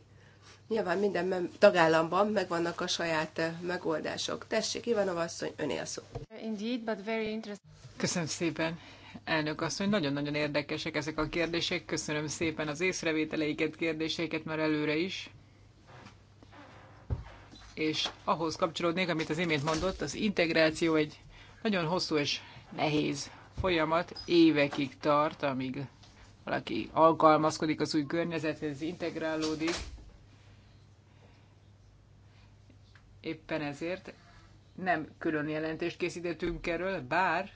Nyilván minden tagállamban megvannak a saját megoldások. Tessék, Ivanova asszony, öné a szó. Indeed, but very interesting. Köszönöm szépen, elnök asszony. Nagyon-nagyon érdekesek ezek a kérdések. Köszönöm szépen az észrevételeiket, kérdéseiket már előre is és ahhoz kapcsolódnék, amit az imént mondott, az integráció egy nagyon hosszú és nehéz folyamat, évekig tart, amíg valaki alkalmazkodik az új környezethez, integrálódik. Éppen ezért nem külön jelentést készítettünk erről, bár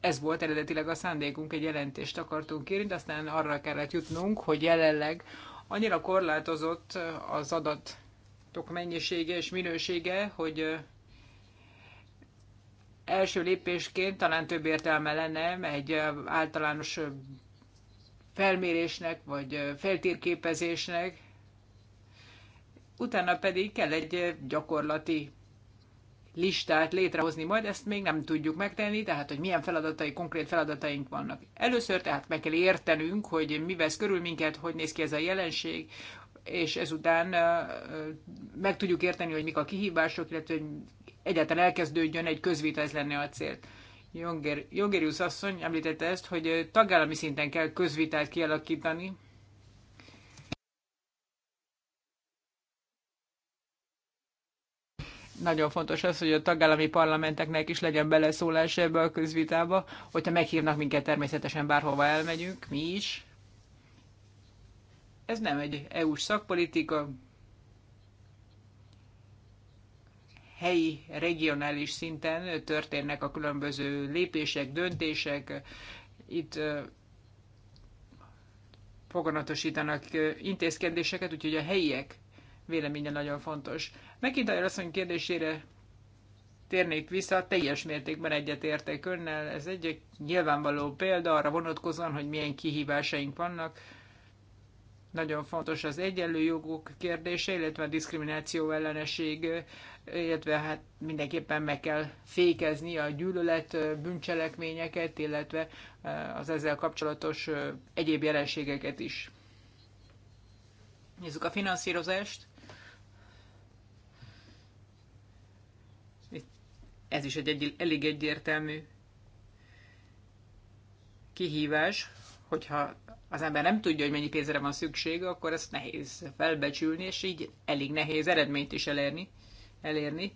ez volt eredetileg a szándékunk, egy jelentést akartunk írni, de aztán arra kellett jutnunk, hogy jelenleg annyira korlátozott az adat adatok mennyisége és minősége, hogy első lépésként talán több értelme lenne egy általános felmérésnek, vagy feltérképezésnek, utána pedig kell egy gyakorlati listát létrehozni, majd ezt még nem tudjuk megtenni, tehát hogy milyen feladatai, konkrét feladataink vannak. Először tehát meg kell értenünk, hogy mi vesz körül minket, hogy néz ki ez a jelenség, és ezután meg tudjuk érteni, hogy mik a kihívások, illetve hogy egyáltalán elkezdődjön egy közvita, ez lenne a cél. Jonger, Jongerius asszony említette ezt, hogy tagállami szinten kell közvitát kialakítani. Nagyon fontos az, hogy a tagállami parlamenteknek is legyen beleszólás ebbe a közvitába, hogyha meghívnak minket, természetesen bárhova elmegyünk, mi is. Ez nem egy EU-s szakpolitika, helyi, regionális szinten történnek a különböző lépések, döntések. Itt foganatosítanak intézkedéseket, úgyhogy a helyiek véleménye nagyon fontos. a asszony kérdésére térnék vissza, teljes mértékben egyetértek önnel. Ez egy nyilvánvaló példa arra vonatkozóan, hogy milyen kihívásaink vannak. Nagyon fontos az egyenlő jogok kérdése, illetve a diszkrimináció ellenesség, illetve hát mindenképpen meg kell fékezni a gyűlölet bűncselekményeket, illetve az ezzel kapcsolatos egyéb jelenségeket is. Nézzük a finanszírozást. Ez is egy, egy elég egyértelmű kihívás, hogyha az ember nem tudja, hogy mennyi pénzre van szüksége, akkor ezt nehéz felbecsülni, és így elég nehéz eredményt is elérni. elérni.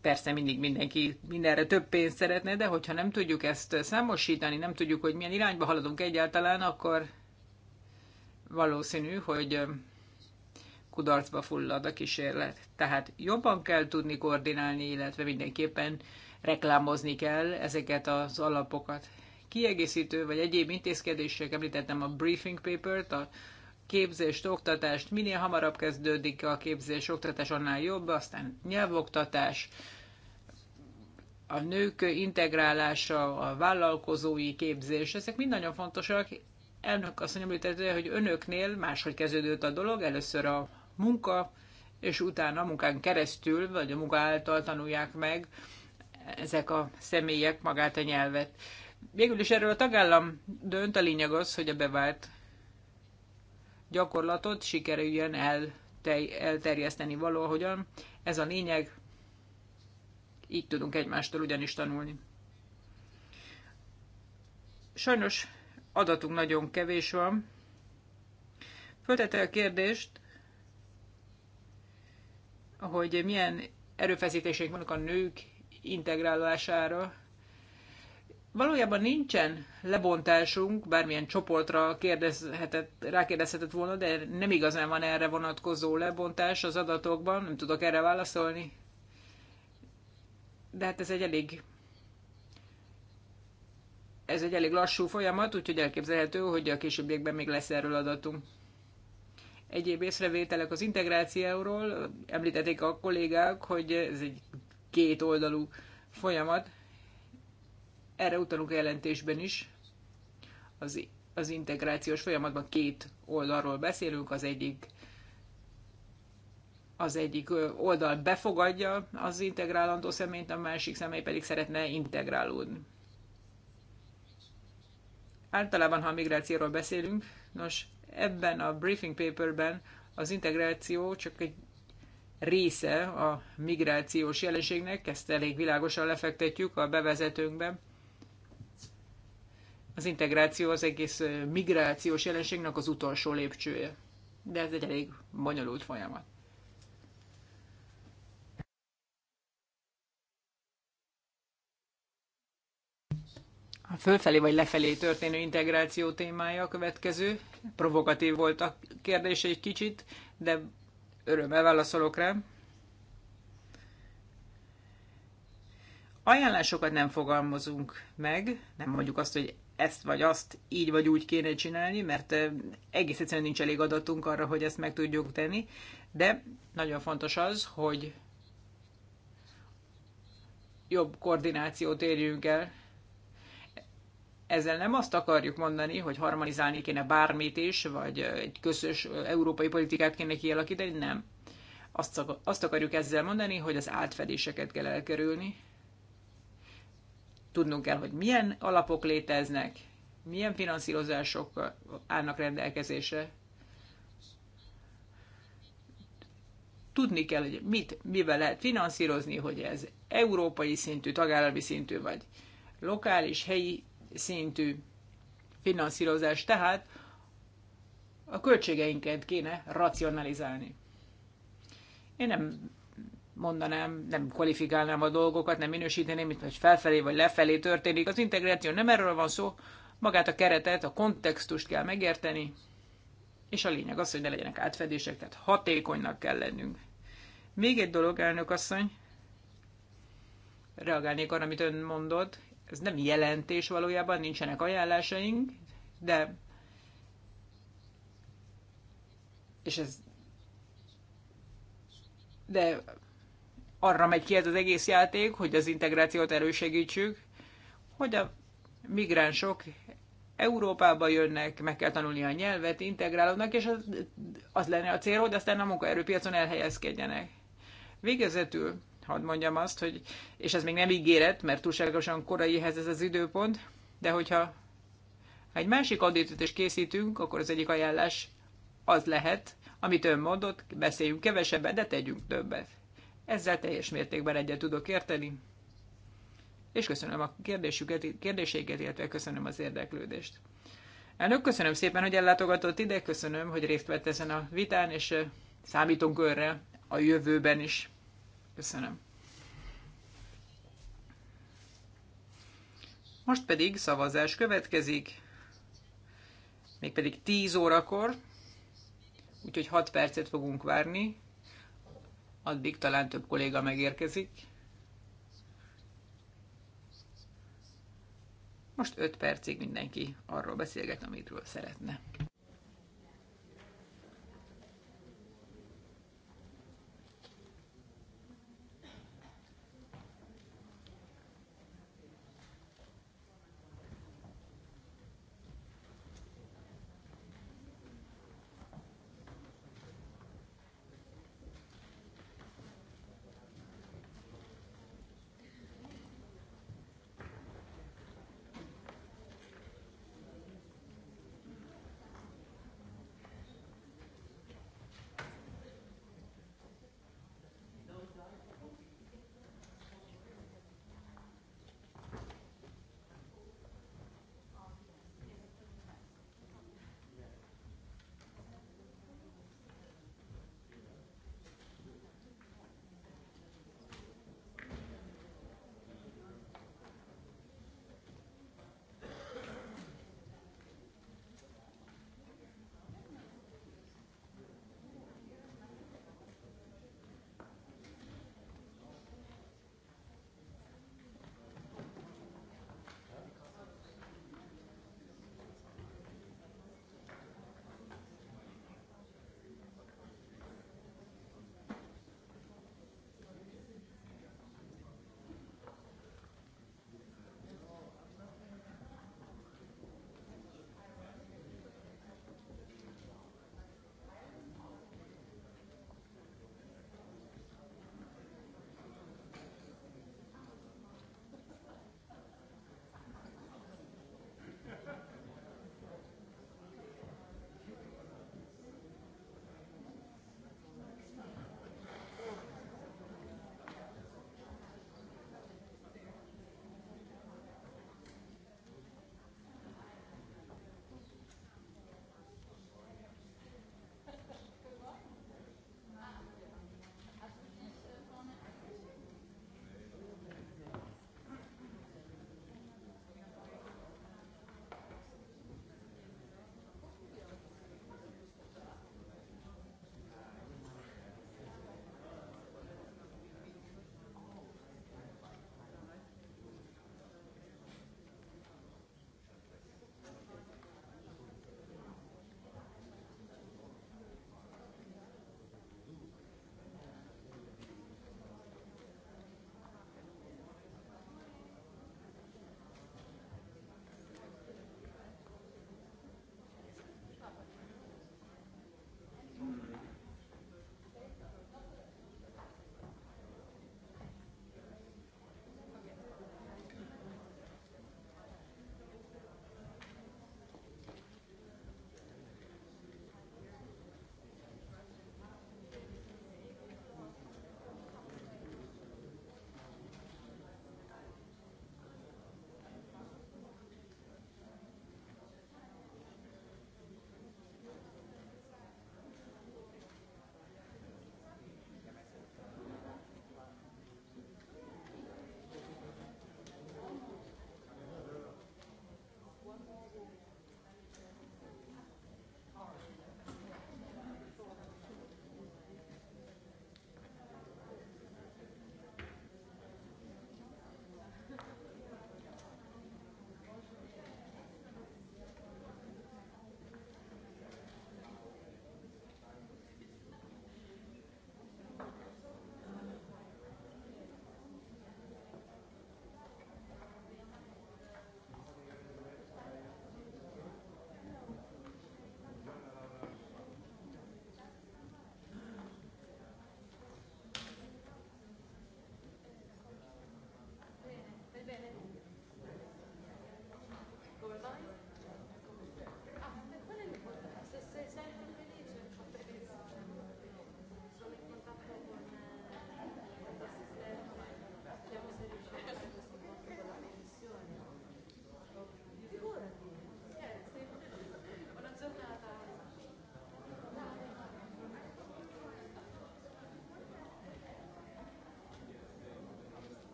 Persze mindig mindenki mindenre több pénzt szeretne, de hogyha nem tudjuk ezt számosítani, nem tudjuk, hogy milyen irányba haladunk egyáltalán, akkor valószínű, hogy kudarcba fullad a kísérlet. Tehát jobban kell tudni koordinálni, illetve mindenképpen reklámozni kell ezeket az alapokat kiegészítő vagy egyéb intézkedések, említettem a briefing papert, a képzést, oktatást, minél hamarabb kezdődik a képzés, oktatás annál jobb, aztán nyelvoktatás, a nők integrálása, a vállalkozói képzés, ezek mind nagyon fontosak. Elnök azt említette, hogy önöknél máshogy kezdődött a dolog, először a munka, és utána a munkán keresztül, vagy a munka által tanulják meg ezek a személyek magát a nyelvet. Végül is erről a tagállam dönt, a lényeg az, hogy a bevált gyakorlatot sikerüljön el, tej, elterjeszteni valahogyan. Ez a lényeg, így tudunk egymástól ugyanis tanulni. Sajnos adatunk nagyon kevés van. Föltette a kérdést, hogy milyen erőfeszítéseink vannak a nők integrálására valójában nincsen lebontásunk, bármilyen csoportra kérdezhetett, rákérdezhetett volna, de nem igazán van erre vonatkozó lebontás az adatokban, nem tudok erre válaszolni. De hát ez egy elég ez egy elég lassú folyamat, úgyhogy elképzelhető, hogy a későbbiekben még lesz erről adatunk. Egyéb észrevételek az integrációról, említették a kollégák, hogy ez egy két oldalú folyamat, erre utalunk a jelentésben is. Az, az integrációs folyamatban két oldalról beszélünk, az egyik az egyik oldal befogadja az integrálandó személyt, a másik személy pedig szeretne integrálódni. Általában, ha a migrációról beszélünk, nos, ebben a briefing paperben az integráció csak egy része a migrációs jelenségnek, ezt elég világosan lefektetjük a bevezetőnkben az integráció az egész migrációs jelenségnek az utolsó lépcsője. De ez egy elég bonyolult folyamat. A fölfelé vagy lefelé történő integráció témája a következő. Provokatív volt a kérdés egy kicsit, de örömmel válaszolok rá. Ajánlásokat nem fogalmazunk meg, nem mondjuk azt, hogy ezt vagy azt így vagy úgy kéne csinálni, mert eh, egész egyszerűen nincs elég adatunk arra, hogy ezt meg tudjuk tenni, de nagyon fontos az, hogy jobb koordinációt érjünk el. Ezzel nem azt akarjuk mondani, hogy harmonizálni kéne bármit is, vagy eh, egy közös eh, európai politikát kéne kialakítani, nem. Azt, azt akarjuk ezzel mondani, hogy az átfedéseket kell elkerülni, Tudnunk kell, hogy milyen alapok léteznek, milyen finanszírozások állnak rendelkezésre. Tudni kell, hogy mit, mivel lehet finanszírozni, hogy ez európai szintű, tagállami szintű, vagy lokális, helyi szintű finanszírozás. Tehát a költségeinket kéne racionalizálni. Én nem mondanám, nem kvalifikálnám a dolgokat, nem minősíteném, hogy felfelé vagy lefelé történik. Az integráció nem erről van szó, magát a keretet, a kontextust kell megérteni, és a lényeg az, hogy ne legyenek átfedések, tehát hatékonynak kell lennünk. Még egy dolog, elnök asszony, reagálnék arra, amit ön mondott, ez nem jelentés valójában, nincsenek ajánlásaink, de és ez de arra megy ki ez az egész játék, hogy az integrációt erősítsük, hogy a migránsok Európába jönnek, meg kell tanulni a nyelvet, integrálódnak, és az, az lenne a cél, hogy aztán a munkaerőpiacon elhelyezkedjenek. Végezetül hadd mondjam azt, hogy, és ez még nem ígéret, mert túlságosan korai ez az időpont, de hogyha ha egy másik adétet is készítünk, akkor az egyik ajánlás az lehet, amit ön mondott, beszéljünk kevesebbet, de tegyünk többet. Ezzel teljes mértékben egyet tudok érteni, és köszönöm a kérdésüket, kérdéseiket, illetve köszönöm az érdeklődést. Elnök, köszönöm szépen, hogy ellátogatott ide, köszönöm, hogy részt vett ezen a vitán, és eh, számítunk önre a jövőben is. Köszönöm. Most pedig szavazás következik, mégpedig 10 órakor, úgyhogy 6 percet fogunk várni, addig talán több kolléga megérkezik. Most 5 percig mindenki arról beszélget, amitről szeretne.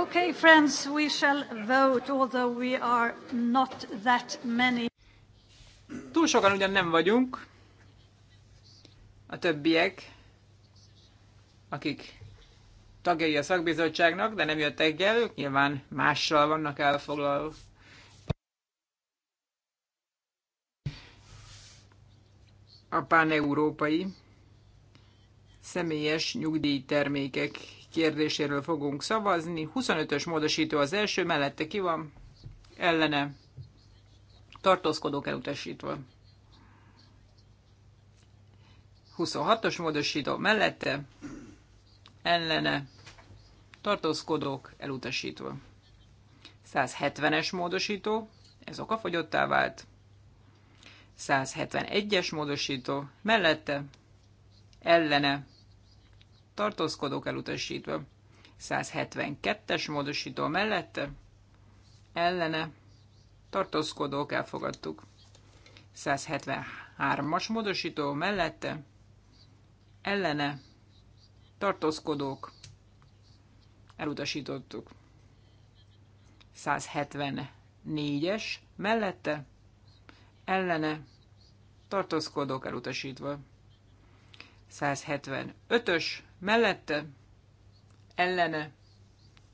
Okay, friends, we shall vote, although we are not that many. Túl sokan ugyan nem vagyunk. A többiek, akik tagjai a szakbizottságnak, de nem jöttek el, ők nyilván mással vannak elfoglalva. A pán-európai személyes nyugdíjtermékek kérdéséről fogunk szavazni. 25-ös módosító az első, mellette ki van, ellene tartózkodók elutasítva. 26-os módosító mellette, ellene tartózkodók elutasítva. 170-es módosító, ez okafogyottá vált. 171-es módosító mellette, ellene tartózkodók elutasítva. 172-es módosító mellette, ellene, tartózkodók elfogadtuk. 173-as módosító mellette, ellene, tartózkodók elutasítottuk. 174-es mellette, ellene, tartózkodók elutasítva. 175-ös mellette ellene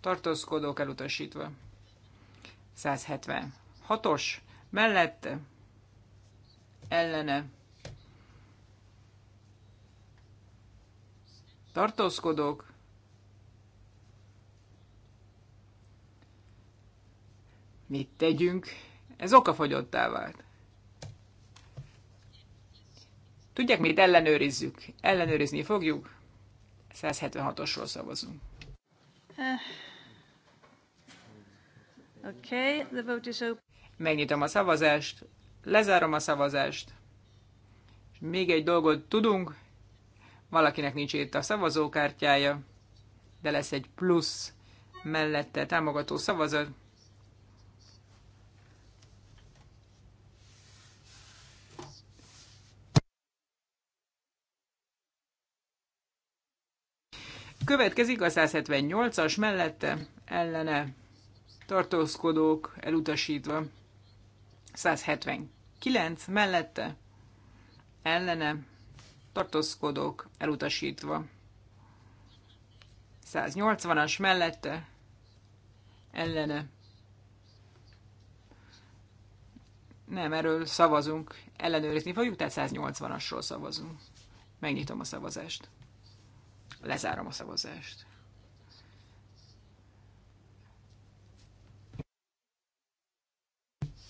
tartózkodók elutasítva. 176-os mellette ellene tartózkodók mit tegyünk, ez okafogyottá vált. Tudják, mit ellenőrizzük? Ellenőrizni fogjuk. 176-osról szavazunk. Eh. Okay, the vote is open. Megnyitom a szavazást, lezárom a szavazást. És még egy dolgot tudunk, valakinek nincs itt a szavazókártyája, de lesz egy plusz mellette támogató szavazat. Következik a 178-as mellette ellene tartózkodók elutasítva. 179 mellette ellene tartózkodók elutasítva. 180-as mellette ellene. Nem, erről szavazunk, ellenőrizni fogjuk, tehát 180-asról szavazunk. Megnyitom a szavazást. Lezárom a szavazást.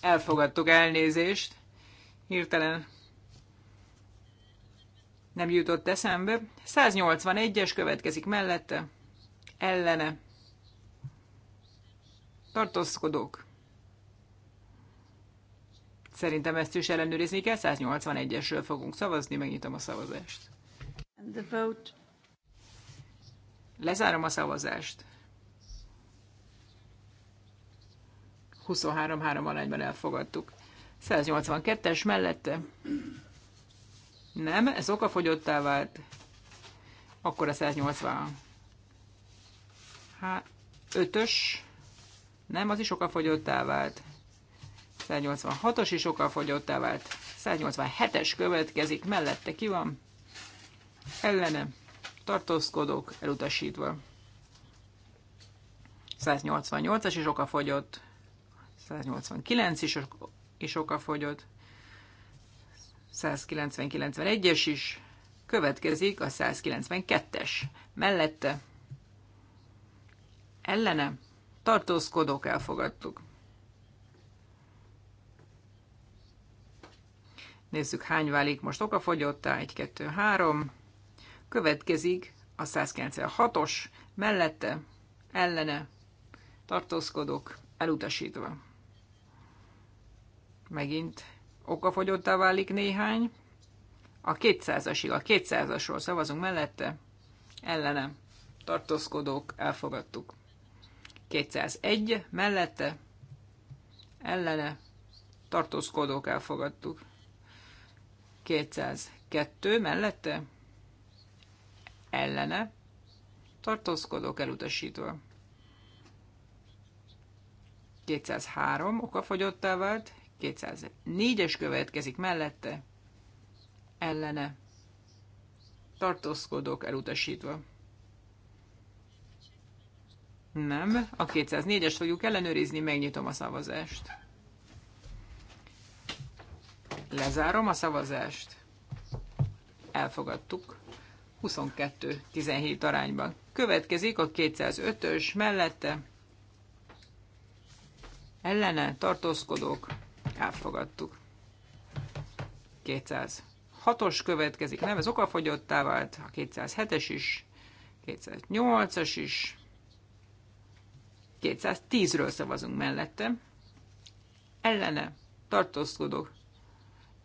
Elfogadtuk elnézést. Hirtelen nem jutott eszembe. 181-es következik mellette. Ellene. Tartózkodók. Szerintem ezt is ellenőrizni kell. 181-esről fogunk szavazni, megnyitom a szavazást. And the vote Lezárom a szavazást. 23-3 arányban elfogadtuk. 182-es mellette. Nem, ez okafogyottá vált. Akkor a 180. Hát, 5-ös. Nem, az is okafogyottá vált. 186-os is okafogyottá vált. 187-es következik, mellette ki van? Ellenem tartózkodók elutasítva. 188-as is okafogyott, 189 is, is okafogyott, 199 91 es is, következik a 192-es. Mellette ellene tartózkodók elfogadtuk. Nézzük, hány válik most okafogyottá. 1, 2, 3. Következik a 196-os, mellette, ellene, tartózkodok, elutasítva. Megint okafogyottá válik néhány. A 200-asig, a 200-asról szavazunk mellette, ellene, tartózkodók, elfogadtuk. 201 mellette, ellene, tartózkodók, elfogadtuk. 202 mellette, ellene, tartózkodók elutasítva. 203 okafogyottá vált, 204-es következik mellette, ellene, tartózkodók elutasítva. Nem, a 204 es fogjuk ellenőrizni, megnyitom a szavazást. Lezárom a szavazást. Elfogadtuk. 22-17 arányban. Következik a 205-ös mellette ellene tartózkodók elfogadtuk. 206-os következik, nem, ez okafogyottá vált, a 207-es is, 208-as is, 210-ről szavazunk mellette, ellene tartózkodók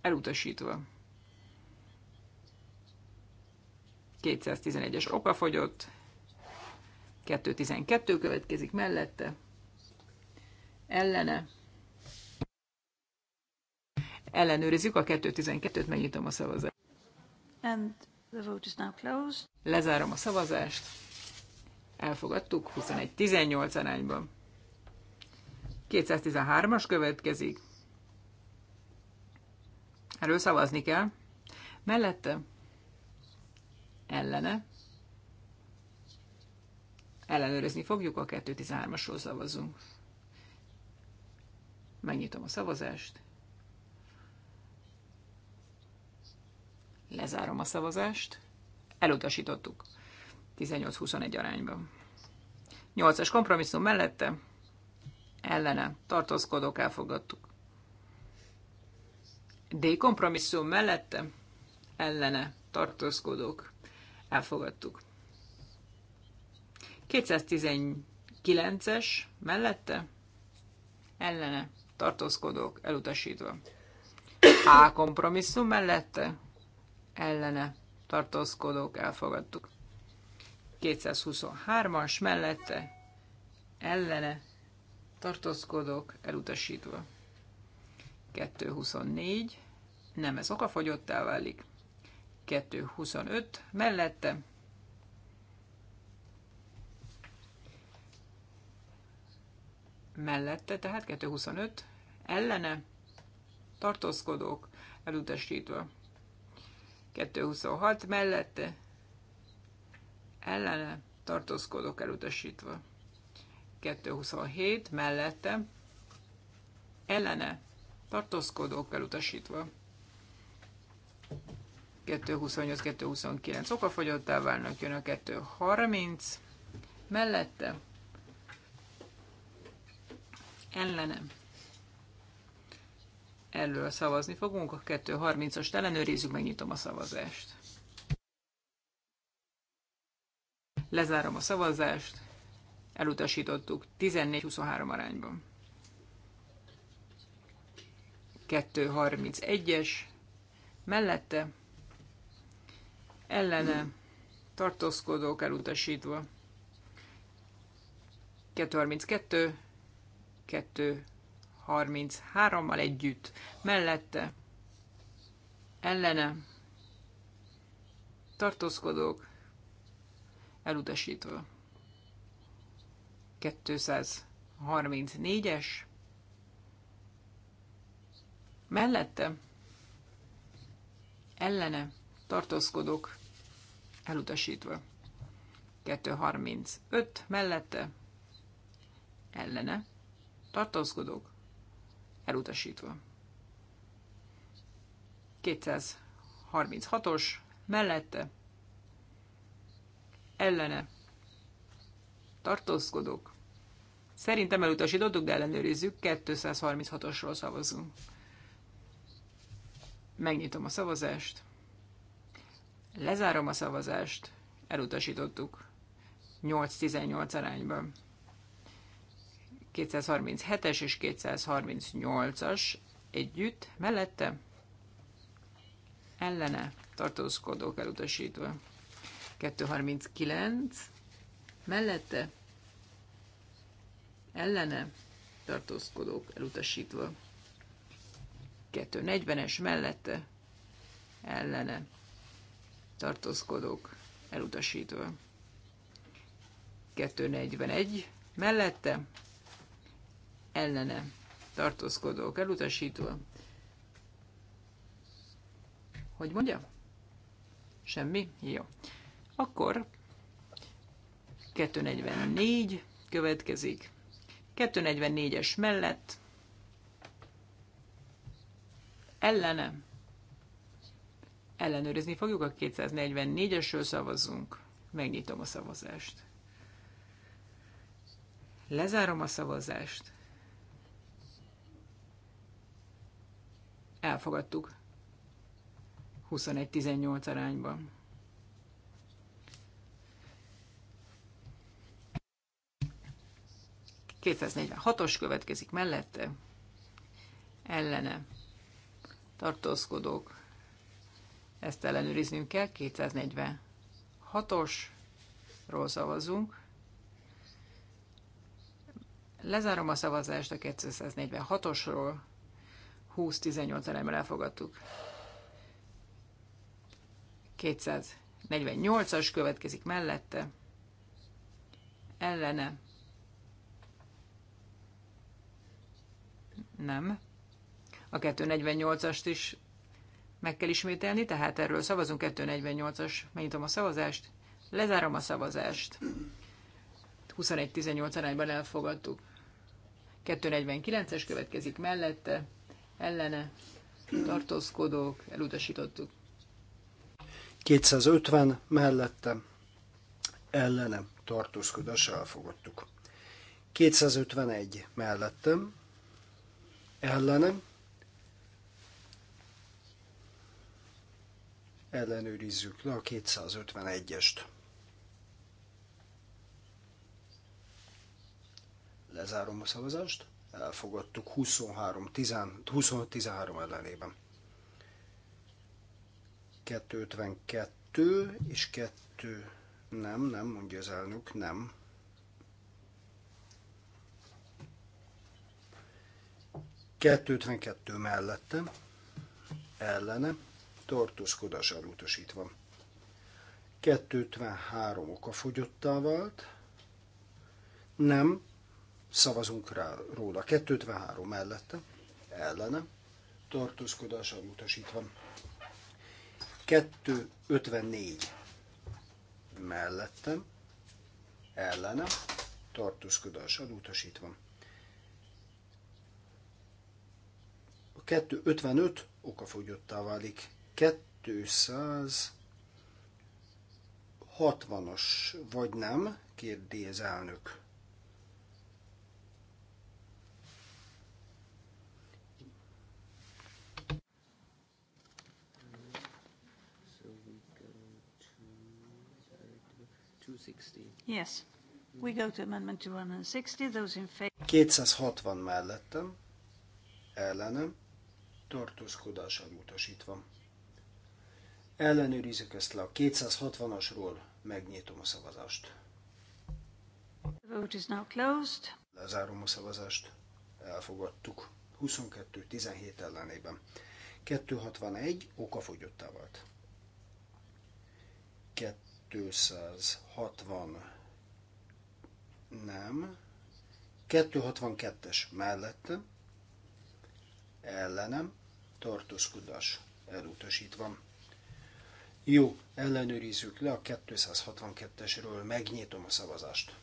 elutasítva. 211-es okafogyott, 212 következik mellette, ellene. Ellenőrizzük a 212-t, megnyitom a szavazást. And the vote is now closed. Lezárom a szavazást. Elfogadtuk 21-18 arányban. 213-as következik. Erről szavazni kell. Mellette ellene. Ellenőrizni fogjuk, a 213-asról szavazunk. Megnyitom a szavazást. Lezárom a szavazást. Elutasítottuk. 18-21 arányban. 8-as kompromisszum mellette ellene tartózkodók elfogadtuk. D kompromisszum mellette ellene tartózkodók Elfogadtuk. 219-es mellette ellene tartózkodók elutasítva. A kompromisszum mellette ellene tartózkodók elfogadtuk. 223-as mellette ellene tartózkodók elutasítva. 224 nem ez okafogyottá válik. 225 mellette. Mellette, tehát 225 ellene tartózkodók elutasítva. 226 mellette ellene tartózkodók elutasítva. 227 mellette ellene tartózkodók elutasítva. 228-229 okafogyottá válnak, jön a 230, mellette, ellenem. Erről szavazni fogunk, a 230-ast ellenőrizzük, megnyitom a szavazást. Lezárom a szavazást, elutasítottuk 14-23 arányban. 231-es, mellette ellene tartózkodók elutasítva. 232, 233-mal együtt, mellette, ellene, tartózkodók, elutasítva. 234-es, mellette, ellene, tartózkodók, elutasítva. 235 mellette, ellene, tartózkodók, elutasítva. 236-os, mellette, ellene, tartózkodók. Szerintem elutasítottuk, de ellenőrizzük, 236-osról szavazunk. Megnyitom a szavazást. Lezárom a szavazást. Elutasítottuk. 8-18 arányban. 237-es és 238-as együtt, mellette ellene tartózkodók elutasítva. 239 mellette ellene tartózkodók elutasítva. 240-es mellette ellene tartózkodók elutasítva. 241 mellette ellene tartózkodók elutasítva. Hogy mondja? Semmi? Jó. Akkor 244 következik. 244-es mellett ellene ellenőrizni fogjuk, a 244-esről szavazzunk. Megnyitom a szavazást. Lezárom a szavazást. Elfogadtuk. 21-18 arányban. os következik mellette. Ellene. Tartózkodók ezt ellenőriznünk kell, 246-osról szavazunk. Lezárom a szavazást a 246-osról, 20-18 elemmel elfogadtuk. 248-as következik mellette, ellene, nem. A 248-ast is meg kell ismételni, tehát erről szavazunk 248-as. Megnyitom a szavazást, lezárom a szavazást. 21-18 arányban elfogadtuk. 249-es következik mellette, ellene, tartózkodók, elutasítottuk. 250 mellette, ellenem, tartózkodás elfogadtuk. 251 mellettem, ellenem, ellenőrizzük le a 251-est. Lezárom a szavazást, elfogadtuk 23 13 ellenében. 252 és 2... Nem, nem, mondja az elnök, nem. Kettőtvenkettő mellette, ellene, tartózkodás elutasítva. 253 fogyottá vált, nem, szavazunk rá róla. 253 mellette, ellene, tartózkodás elutasítva. 254 mellettem, ellene, tartózkodás elutasítva. A 255 okafogyottá válik. 260-as vagy nem, kérdi az elnök. Yes. We go to amendment 260. Those in favor. 260 mellettem, ellenem, tartózkodással utasítva. Ellenőrizzük ezt le a 260-asról, megnyitom a szavazást. The vote is now closed. Lezárom a szavazást. Elfogadtuk. 22-17 ellenében. 261 okafogyottá vált. 260 nem. 262-es mellettem. Ellenem. Tartózkodás elutasítva. Jó, ellenőrizzük le a 262-esről, megnyitom a szavazást.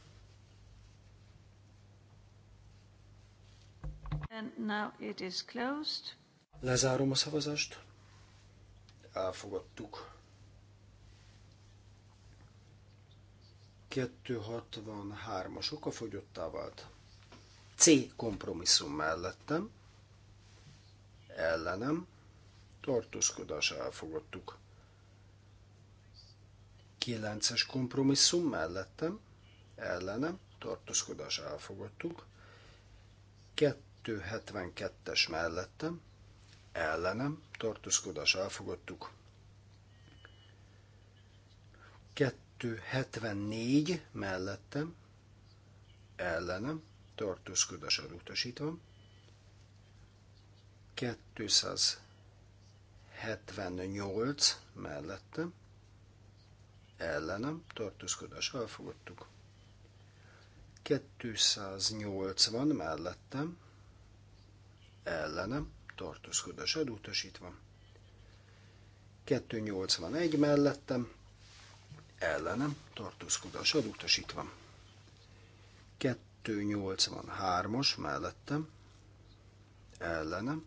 And now it is closed. Lezárom a szavazást. Elfogadtuk. 263-as okafogyottá vált. C kompromisszum mellettem, ellenem, tartózkodás elfogadtuk. 9-es kompromisszum mellettem, ellenem, tartózkodás elfogadtuk. 272-es mellettem, ellenem, tartózkodás elfogadtuk. 274 mellettem, ellenem, tartózkodás elutasítva. 278 mellettem, ellenem tartózkodás elfogadtuk. 280 mellettem ellenem tartózkodás elutasítva. 281 mellettem ellenem tartózkodás elutasítva. 283-as mellettem ellenem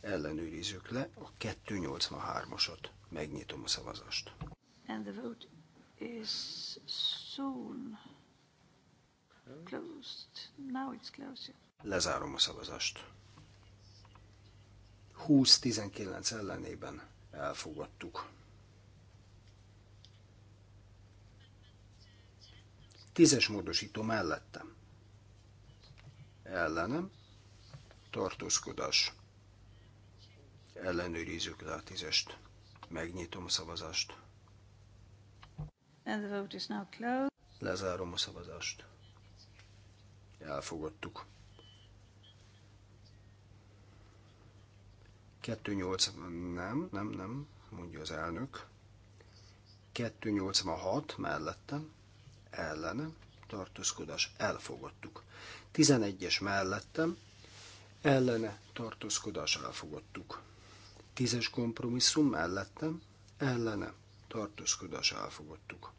ellenőrizzük le a 283-asot. Megnyitom a szavazást. And the vote is soon closed. Now it's closed. Lezárom a szavazást. 20-19 ellenében elfogadtuk. 10-es módosító mellettem. Ellenem. Tartózkodás. Ellenőrizzük le a tízest. Megnyitom a szavazást. And the vote is now closed. Lezárom a szavazást. Elfogadtuk. 2.8, nem, nem, nem, mondja az elnök. 286 mellettem, ellene, tartózkodás, elfogadtuk. 11-es mellettem, ellene tartózkodás elfogadtuk. Tízes kompromisszum mellettem, ellene tartózkodás elfogadtuk.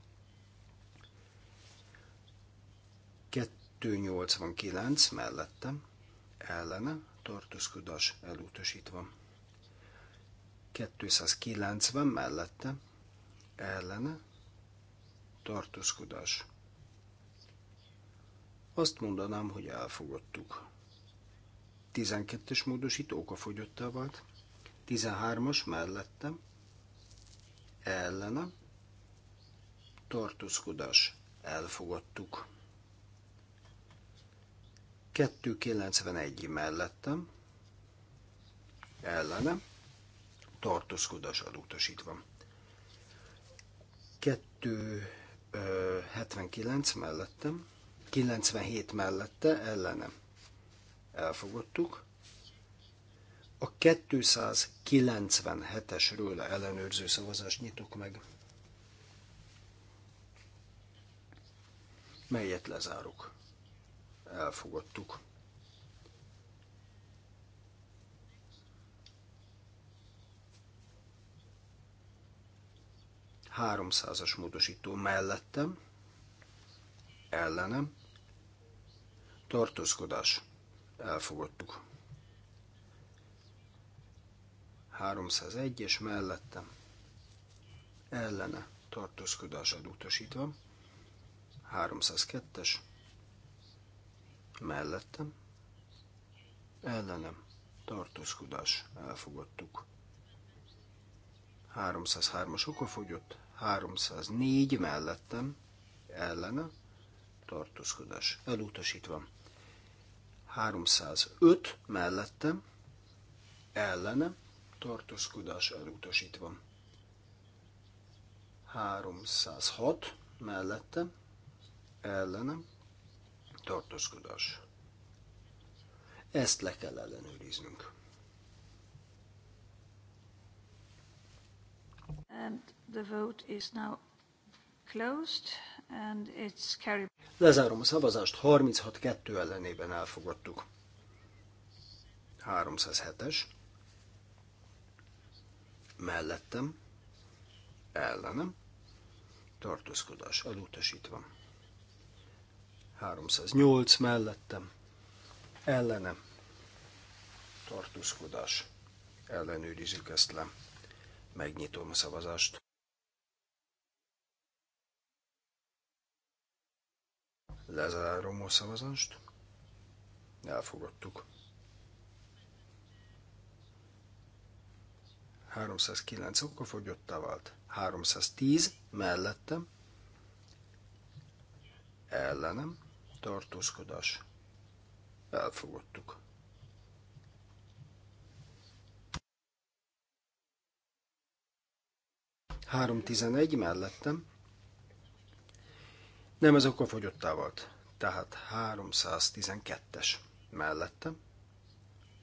289 mellettem, ellene tartózkodás elutasítva. 290 mellette ellene tartózkodás. Azt mondanám, hogy elfogadtuk. 12-es módosító okafogyottá vált. 13-as mellettem, ellenem, tartózkodás, elfogadtuk. 291 mellettem, ellenem, tartózkodás elutasítva. 279 mellettem, 97 mellette, ellenem, elfogadtuk. A 297-esről ellenőrző szavazást nyitok meg, melyet lezárok. Elfogadtuk. háromszázas módosító mellettem, ellenem, tartózkodás, elfogadtuk. 301 és mellettem ellene tartózkodás utasítva, 302-es mellettem ellenem tartózkodás elfogadtuk. 303-as okafogyott, 304 mellettem ellene tartózkodás elutasítva. 305 mellettem ellene tartózkodás elutasítva. 306 mellette, ellenem, tartózkodás. Ezt le kell ellenőriznünk. And the vote is now closed and it's carried. Lezárom a szavazást, 36-2 ellenében elfogadtuk. 307-es mellettem, ellenem, tartózkodás elutasítva. 308 mellettem, ellenem, tartózkodás. Ellenőrizzük ezt le. Megnyitom a szavazást. Lezárom a szavazást. Elfogadtuk. 309 fogyottá vált. 310 mellettem, ellenem, tartózkodás. Elfogadtuk. Három tizenegy mellettem. Nem ez akkor fogyottá volt. Tehát 312-es mellettem.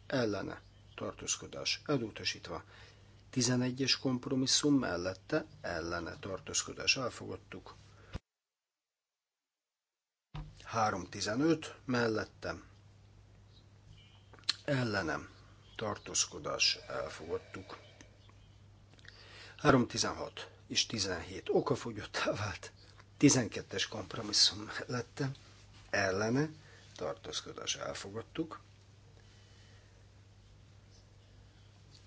Ellene tartózkodás elutasítva. 11-es kompromisszum mellette ellene tartózkodás elfogadtuk. 3.15 mellette ellenem tartózkodás elfogadtuk. 3.16 és 17 okafogyottá vált. 12-es kompromisszum mellette ellene tartózkodás elfogadtuk.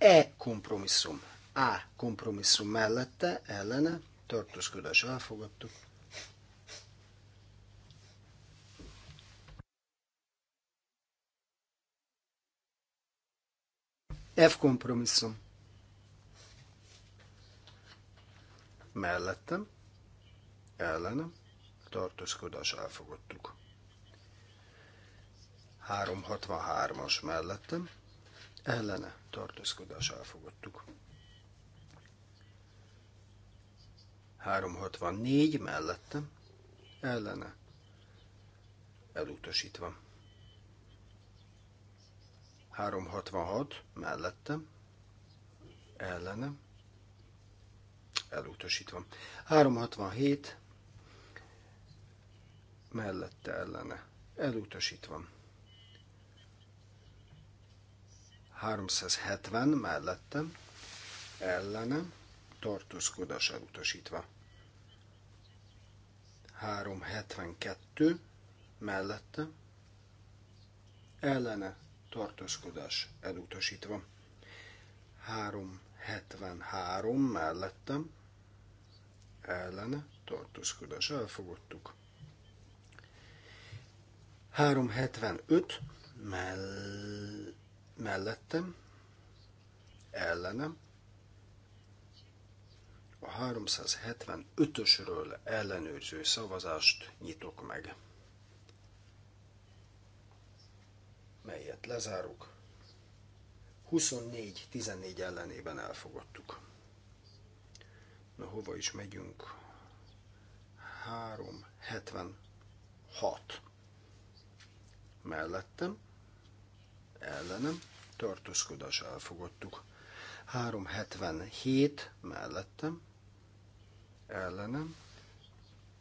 E kompromisszum, A kompromisszum mellette, ellene, tartózkodás elfogadtuk. F kompromisszum. Mellettem, ellenem, tartózkodás elfogadtuk. 363-as mellettem, ellene tartózkodás elfogadtuk. 364 mellettem, ellene elutasítva. 366 mellettem, ellene elutasítva. 367 mellette ellene elutasítva. 370 mellettem, ellenem, tartózkodás utasítva. 372 mellettem, ellene, tartózkodás elutasítva. 373 mellettem, ellene, tartózkodás elfogadtuk. 375 mellettem, mellettem, ellenem, a 375-ösről ellenőrző szavazást nyitok meg, melyet lezárok. 24-14 ellenében elfogadtuk. Na hova is megyünk? 376 mellettem, ellenem, tartózkodás elfogadtuk. 377 mellettem, ellenem,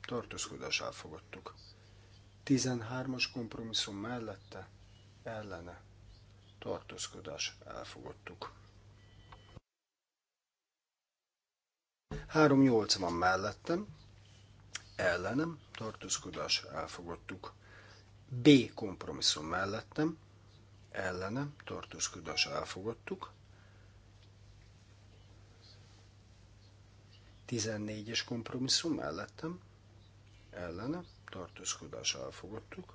tartózkodás elfogadtuk. 13-as kompromisszum mellette, ellene, tartózkodás elfogadtuk. 380 mellettem, ellenem, tartózkodás elfogadtuk. B kompromisszum mellettem, ellenem tartózkodás elfogadtuk. 14-es kompromisszum mellettem ellenem tartózkodás elfogadtuk.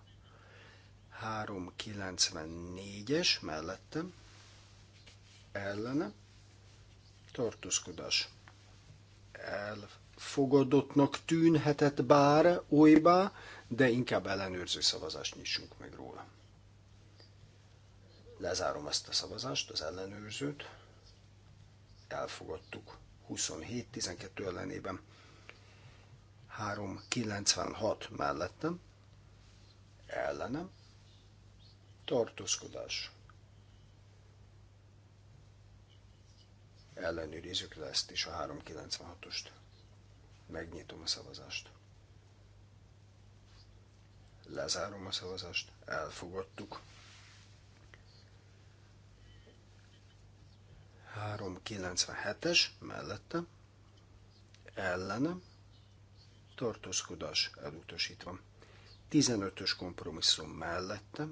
394-es mellettem ellenem tartózkodás elfogadottnak tűnhetett bár, olybá, de inkább ellenőrző szavazást nyissunk meg róla. Lezárom ezt a szavazást, az ellenőrzőt. Elfogadtuk 27-12 ellenében. 396 mellettem. Ellenem. Tartózkodás. Ellenőrizzük le ezt is a 396-ost. Megnyitom a szavazást. Lezárom a szavazást. Elfogadtuk 397-es mellette ellenem tartózkodás elutasítva. 15-ös kompromisszum mellette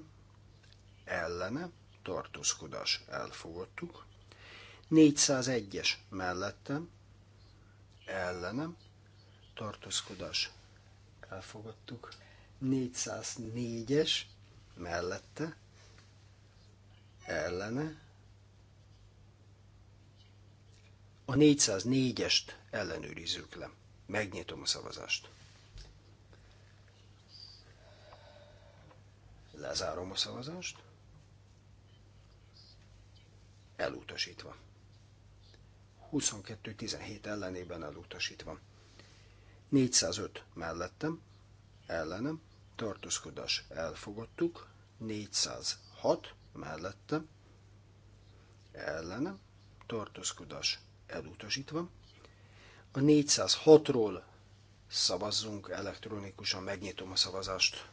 ellene tartózkodás elfogadtuk. 401-es mellette, ellenem tartózkodás elfogadtuk. 404-es mellette ellene A 404-est ellenőrizzük le. Megnyitom a szavazást. Lezárom a szavazást. Elutasítva. 22-17 ellenében elutasítva. 405 mellettem, ellenem, tartózkodás elfogadtuk, 406 mellettem, ellenem, tartózkodás elutasítva. A 406-ról szavazzunk elektronikusan, megnyitom a szavazást,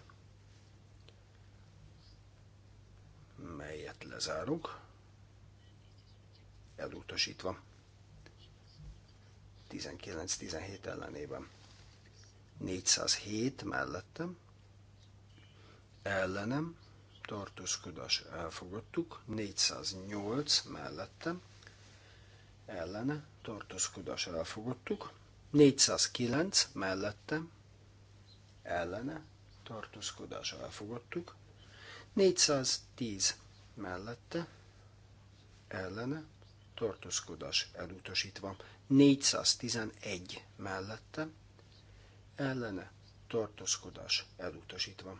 melyet lezárunk, elutasítva. 19-17 ellenében. 407 mellettem, ellenem, tartózkodás elfogadtuk, 408 mellettem, ellene tartózkodás elfogadtuk, 409 mellette ellene tartózkodás elfogadtuk, 410 mellette ellene tartózkodás elutasítva, 411 mellette ellene tartózkodás elutasítva.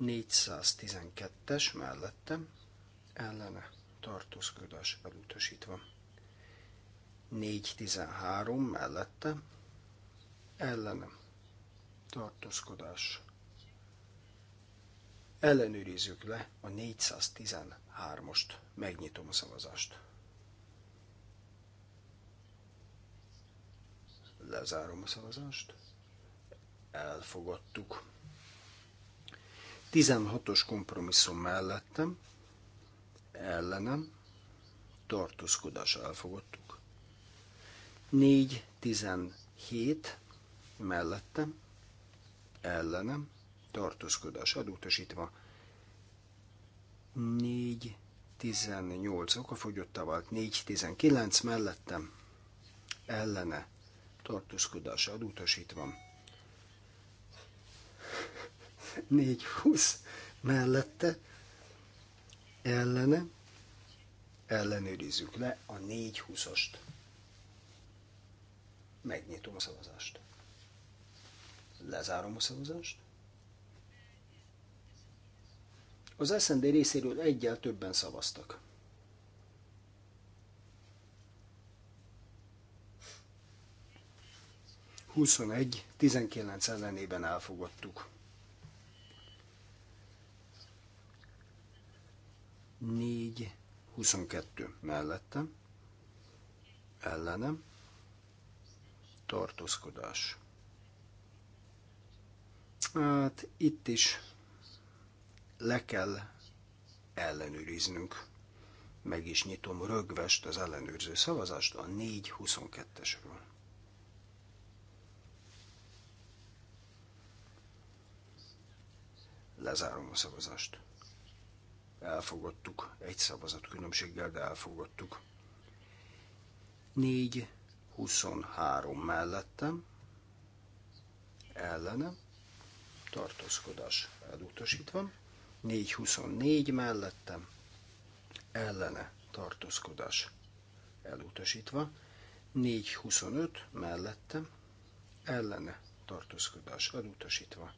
412-es mellette. ellene tartózkodás elutasítva. 4.13 mellette ellenem tartózkodás. Ellenőrizzük le a 413-ost. Megnyitom a szavazást. Lezárom a szavazást. Elfogadtuk. 16-os kompromisszum mellettem, ellenem, tartózkodás elfogadtuk. 417 mellettem, ellenem, tartózkodás adótosítva, 418 okafogyottá vált, 419 mellettem, ellene, tartózkodás adótosítva, 420 mellette, ellene, ellenőrizzük le a 420-ast. Megnyitom a szavazást. Lezárom a szavazást. Az SND részéről egyel többen szavaztak. Huszonegy, 19 ellenében elfogadtuk. Négy, 22 mellettem, ellenem, tartózkodás. Hát itt is le kell ellenőriznünk. Meg is nyitom rögvest az ellenőrző szavazást a 4.22-esről. Lezárom a szavazást. Elfogadtuk, egy szavazat különbséggel, de elfogadtuk. 4 23 mellettem, ellenem, tartózkodás elutasítva, 424 mellettem, ellene, tartózkodás elutasítva, 425 mellettem, ellene, tartózkodás elutasítva,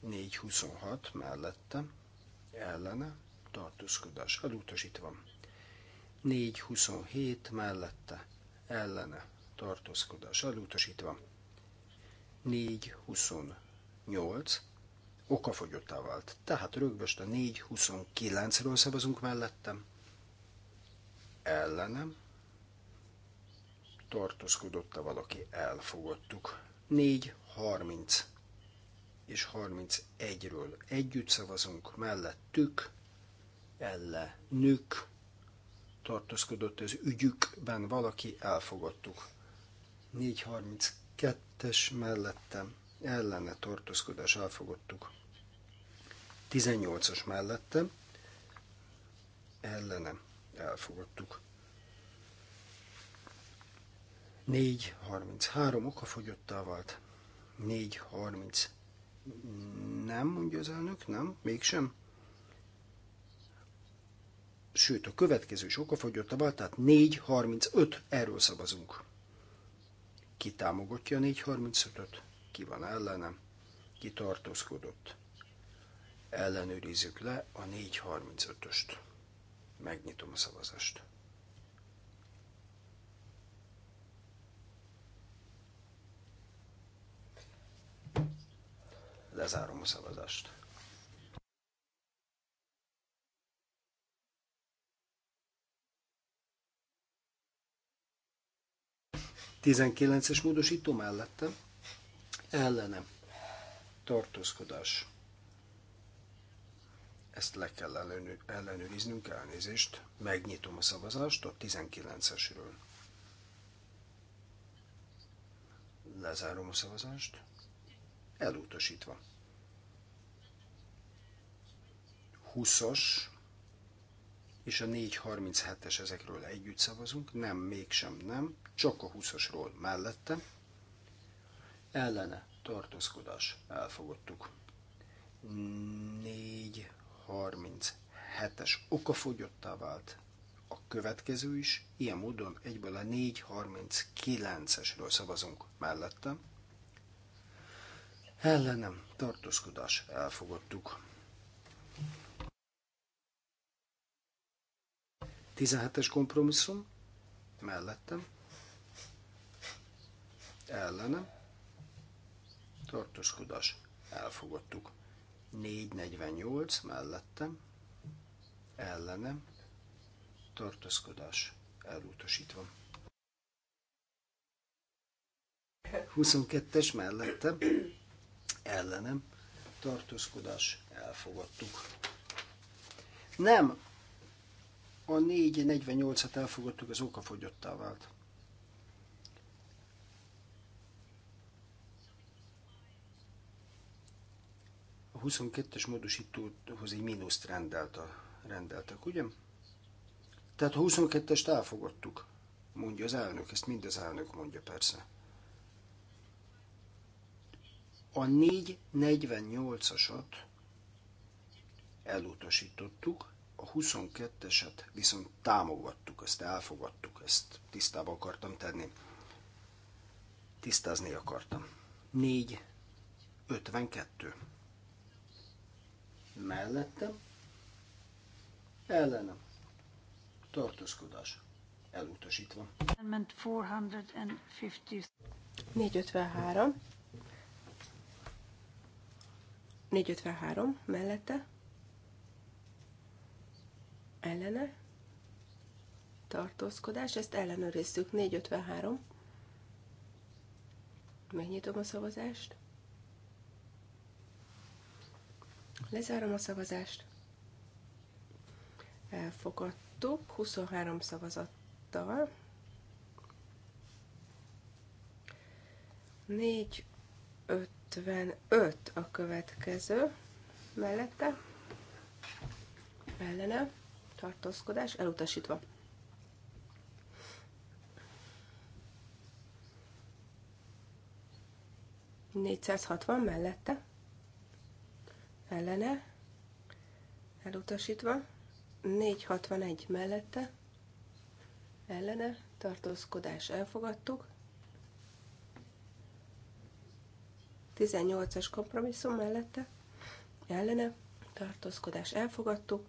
426 mellettem, ellene, tartózkodás elutasítva, 427 mellette, ellene tartózkodás elutasítva. 4.28 okafogyottá vált. Tehát rögböst a 4.29-ről szavazunk mellettem. Ellenem tartózkodott a valaki, elfogadtuk. 4.30 és 31-ről együtt szavazunk mellettük, ellenük tartózkodott az ügyükben valaki, elfogadtuk. 432-es mellettem ellene tartózkodás elfogadtuk. 18-as mellettem ellene elfogadtuk. 4.33 okafogyottá vált. 4.30 nem, mondja az elnök, nem, mégsem sőt a következő is okafogyott vált, tehát 4.35, erről szavazunk. Ki támogatja a 4.35-öt? Ki van ellenem? Ki tartózkodott? Ellenőrizzük le a 4.35-öst. Megnyitom a szavazást. Lezárom a szavazást. 19-es módosító mellette ellenem tartózkodás. Ezt le kell ellenőriznünk, elnézést. Megnyitom a szavazást a 19-esről. Lezárom a szavazást. Elutasítva. 20-as és a 437-es ezekről együtt szavazunk, nem, mégsem nem, csak a 20-asról mellette, ellene tartózkodás elfogadtuk. 437-es okafogyottá vált a következő is, ilyen módon egyből a 439-esről szavazunk mellette. Ellenem tartózkodás elfogadtuk. 17-es kompromisszum, mellettem, ellenem, tartoskodás, elfogadtuk. 448 mellettem, ellenem, tartózkodás, elutasítva. 22-es mellettem, ellenem, tartózkodás, elfogadtuk. Nem, a 448-at elfogadtuk, az okafogyottá vált. A 22-es módosítóhoz egy mínuszt rendelt a, rendeltek, ugye? Tehát a 22-est elfogadtuk, mondja az elnök, ezt mind az elnök mondja persze. A 448-asat elutasítottuk, a 22-eset viszont támogattuk, ezt elfogadtuk, ezt tisztába akartam tenni. Tisztázni akartam. 4, 52. Mellettem, ellenem, tartózkodás, elutasítva. 453. 453 mellette, ellene, tartózkodás, ezt ellenőrizzük, 453. Megnyitom a szavazást. Lezárom a szavazást. Elfogadtuk 23 szavazattal. 455 a következő mellette. Ellene tartózkodás elutasítva. hatvan mellette, ellene, elutasítva, egy mellette, ellene, tartózkodás elfogadtuk, Tizennyolcas kompromisszum mellette, ellene, tartózkodás elfogadtuk,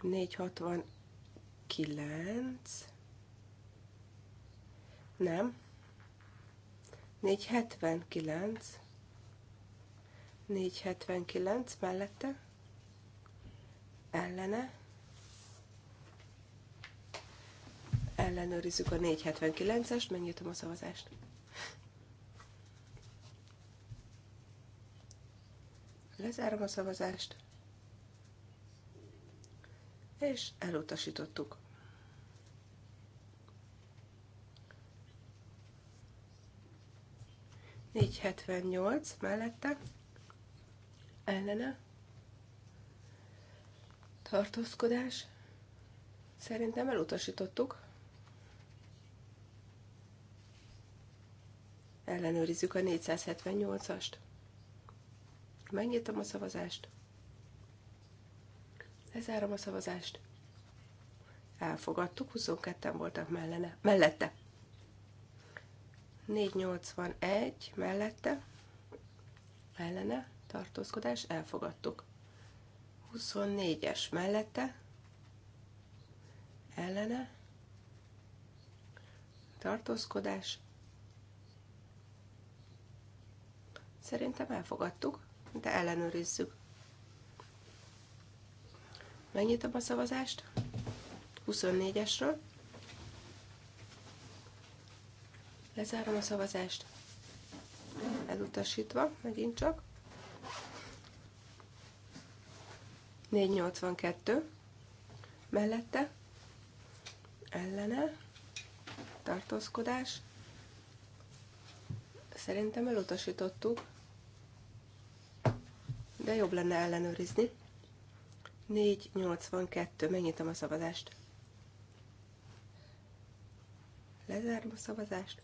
469. Nem. 479. 479 mellette. Ellene. Ellenőrizzük a 479-est, megnyitom a szavazást. Lezárom a szavazást és elutasítottuk. Négy hetvennyolc mellette, ellene, tartózkodás, szerintem elutasítottuk. Ellenőrizzük a 478-ast. Megnyitom a szavazást. Lezárom a szavazást. Elfogadtuk, 22-en voltak mellene, mellette. 481 mellette, ellene, tartózkodás, elfogadtuk. 24-es mellette, ellene, tartózkodás. Szerintem elfogadtuk, de ellenőrizzük. Megnyitom a szavazást. 24-esről. Lezárom a szavazást. Elutasítva, megint csak. 482. Mellette. Ellene. Tartózkodás. Szerintem elutasítottuk. De jobb lenne ellenőrizni. 482. Megnyitom a szavazást. Lezárom a szavazást.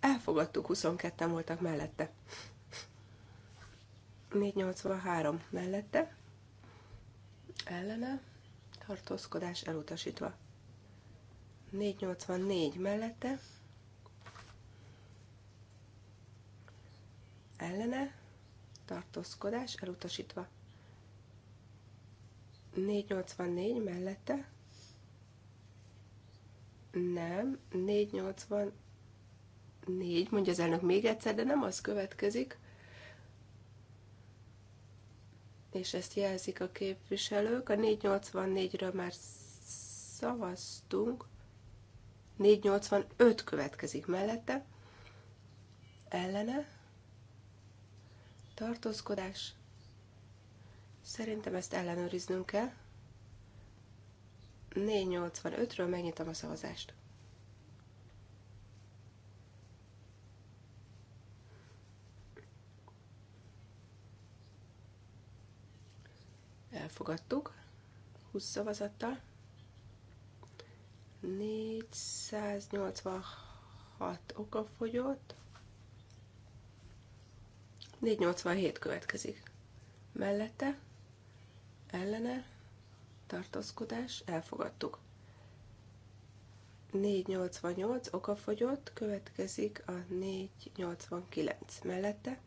Elfogadtuk, 22-en voltak mellette. 483 mellette. Ellene. Tartózkodás elutasítva. 484 mellette. Ellene. Tartózkodás elutasítva. 484 mellette. Nem, 484, mondja az elnök még egyszer, de nem az következik. És ezt jelzik a képviselők. A 484-ről már szavaztunk. 485 következik mellette. Ellene. Tartózkodás Szerintem ezt ellenőriznünk kell. 485-ről megnyitom a szavazást. Elfogadtuk. 20 szavazattal. 486 oka fogyott. 487 következik. Mellette ellene, tartózkodás, elfogadtuk. 488 okafogyott, következik a 489 mellette,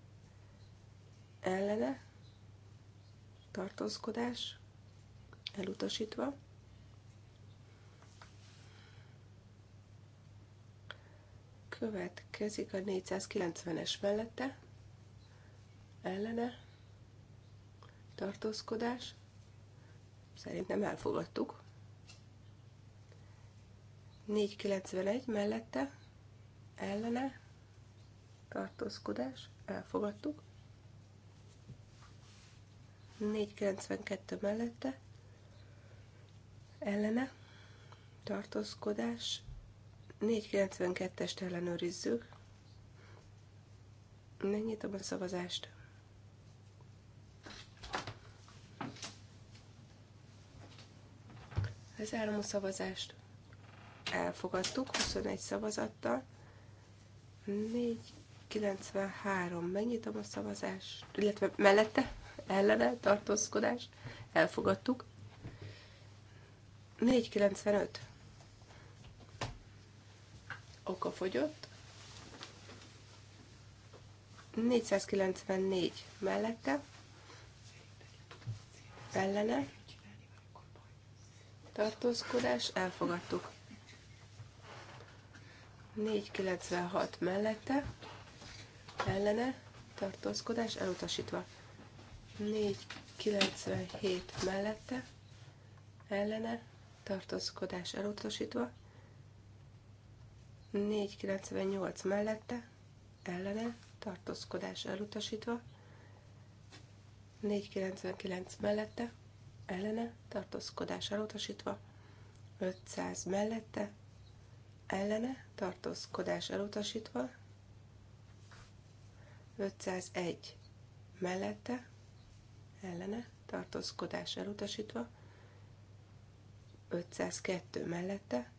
ellene, tartózkodás, elutasítva. Következik a 490-es mellette, ellene, tartózkodás, Szerintem elfogadtuk. 491 mellette ellene tartózkodás, elfogadtuk. 492 mellette ellene tartózkodás, 492-est ellenőrizzük. Megnyitom a szavazást. Lezárom a szavazást. Elfogadtuk 21 szavazattal. 493. Megnyitom a szavazást, illetve mellette ellene tartózkodás. Elfogadtuk. 495. Oka fogyott. 494 mellette ellene tartózkodás, elfogadtuk. 496 mellette, ellene, tartózkodás, elutasítva. 497 mellette, ellene, tartózkodás, elutasítva. 498 mellette, ellene, tartózkodás, elutasítva. 499 mellette, ellene tartózkodás elutasítva, 500 mellette ellene tartózkodás elutasítva, 501 mellette ellene tartózkodás elutasítva, 502 mellette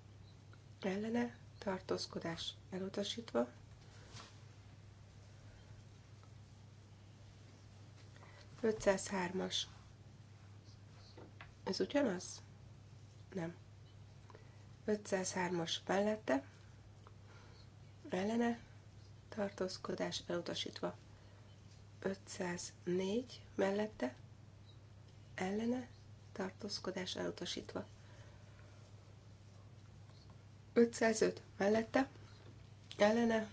ellene tartózkodás elutasítva, 503-as ez ugyanaz? Nem. 503-as mellette, ellene, tartózkodás elutasítva. 504 mellette, ellene, tartózkodás elutasítva. 505 mellette, ellene,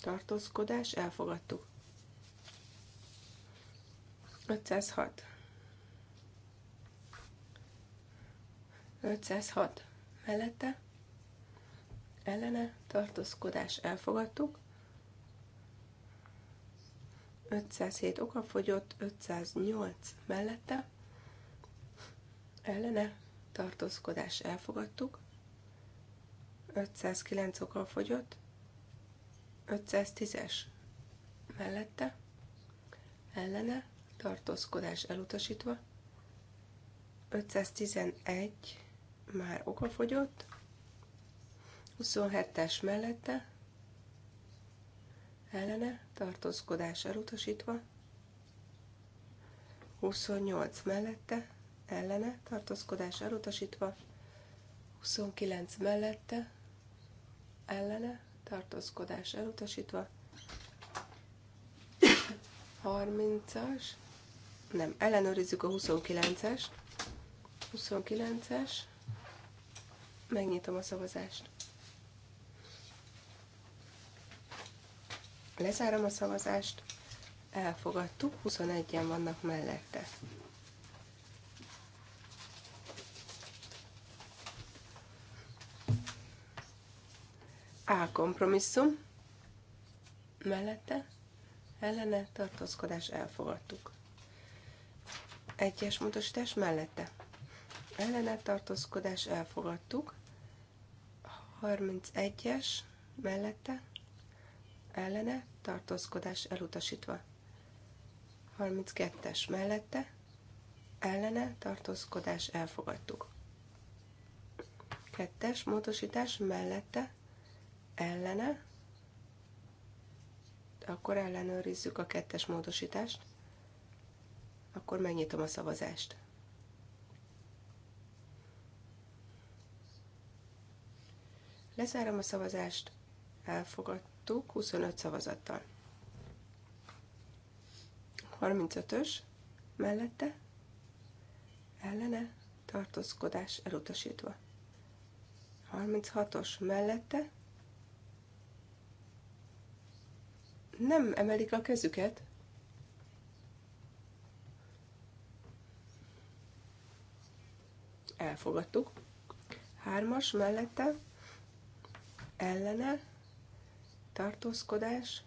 tartózkodás elfogadtuk. 506 506 mellette, ellene tartózkodás elfogadtuk, 507 fogyott, 508 mellette, ellene tartózkodás elfogadtuk, 509 fogyott, 510-es mellette, ellene tartózkodás elutasítva, 511 már okafogyott. 27-es mellette ellene tartózkodás elutasítva. 28 mellette ellene tartózkodás elutasítva. 29 mellette ellene tartózkodás elutasítva. 30-as, nem, ellenőrizzük a 29-es, 29-es, Megnyitom a szavazást. Lezárom a szavazást. Elfogadtuk, 21-en vannak mellette. A kompromisszum mellette ellene tartózkodás elfogadtuk. Egyes módosítás mellette ellene tartózkodás elfogadtuk. 31-es mellette ellene tartózkodás elutasítva. 32-es mellette ellene tartózkodás elfogadtuk. 2-es módosítás mellette ellene, akkor ellenőrizzük a kettes módosítást, akkor megnyitom a szavazást. Lezárom a szavazást, elfogadtuk 25 szavazattal. 35-ös mellette ellene tartózkodás elutasítva. 36-os mellette nem emelik a kezüket. Elfogadtuk. Hármas mellette ellene, tartózkodás,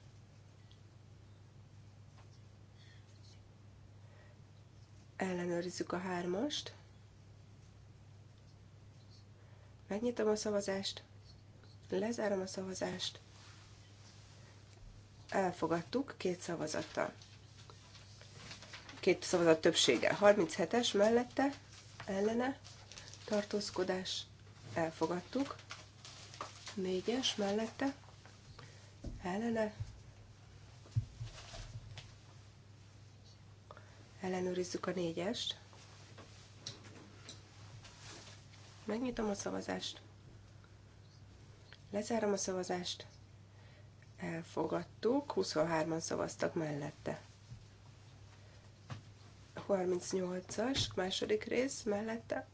ellenőrizzük a hármast, megnyitom a szavazást, lezárom a szavazást, elfogadtuk két szavazattal. Két szavazat többsége. 37-es mellette, ellene, tartózkodás, elfogadtuk négyes mellette, ellene, ellenőrizzük a négyest, megnyitom a szavazást, lezárom a szavazást, elfogadtuk, 23-an szavaztak mellette. 38-as, második rész mellette,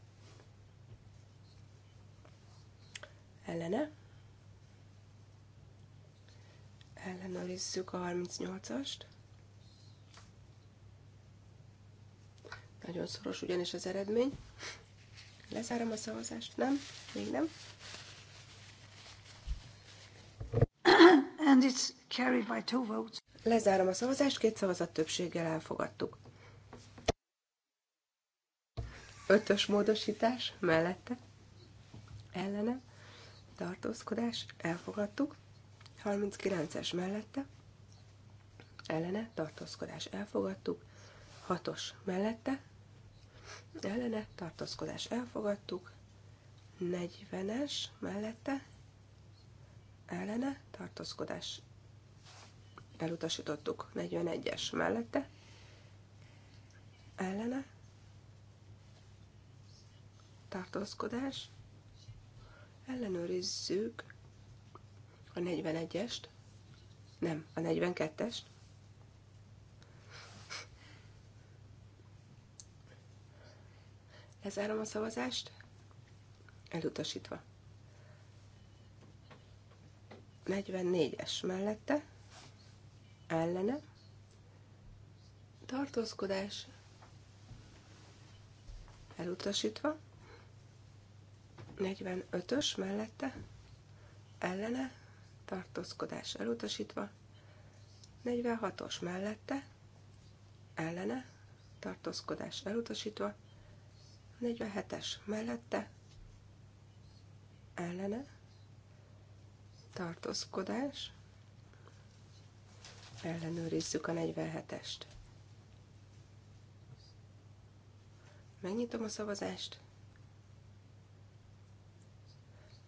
ellene, ellenőrizzük a 38-ast. Nagyon szoros ugyanis az eredmény. Lezárom a szavazást, nem? Még nem? And it's carried by two votes. Lezárom a szavazást, két szavazat többséggel elfogadtuk. Ötös módosítás mellette, ellene, tartózkodás, elfogadtuk. 39-es mellette, ellene, tartózkodás elfogadtuk, 6-os mellette, ellene, tartózkodás elfogadtuk, 40-es mellette, ellene, tartózkodás elutasítottuk, 41-es mellette, ellene, tartózkodás, ellenőrizzük a 41-est, nem, a 42-est, Lezárom a szavazást. Elutasítva. 44-es mellette. Ellene. Tartózkodás. Elutasítva. 45-ös mellette. Ellene tartózkodás elutasítva, 46-os mellette, ellene, tartózkodás elutasítva, 47-es mellette, ellene, tartózkodás, ellenőrizzük a 47-est. Megnyitom a szavazást,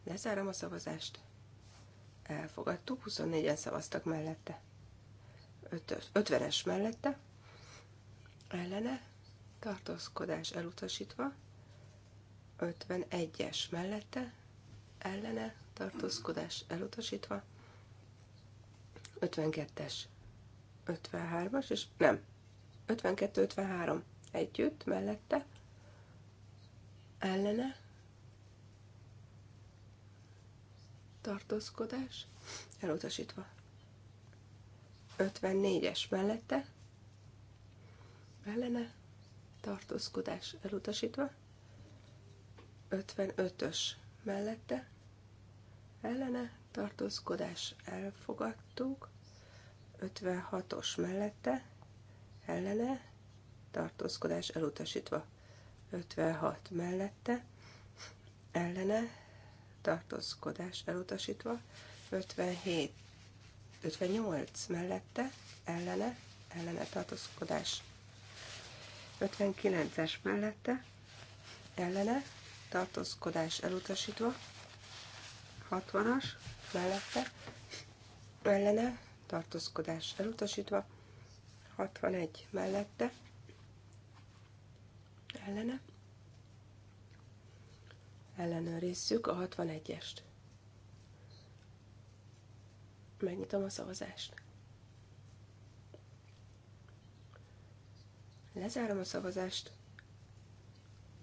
lezárom a szavazást, elfogadtuk, 24-en szavaztak mellette. 50-es mellette, ellene, tartózkodás elutasítva, 51-es mellette, ellene, tartózkodás elutasítva, 52-es, 53-as, és nem, 52-53 együtt, mellette, ellene, tartózkodás, elutasítva. 54-es mellette, ellene, tartózkodás, elutasítva. 55-ös mellette, ellene, tartózkodás, elfogadtuk. 56-os mellette, ellene, tartózkodás, elutasítva. 56 mellette, ellene, tartózkodás elutasítva, 57, 58 mellette, ellene, ellene tartózkodás, 59-es mellette, ellene, tartózkodás elutasítva, 60-as mellette, ellene, tartózkodás elutasítva, 61 mellette, ellene, ellenőrizzük a 61-est. Megnyitom a szavazást. Lezárom a szavazást.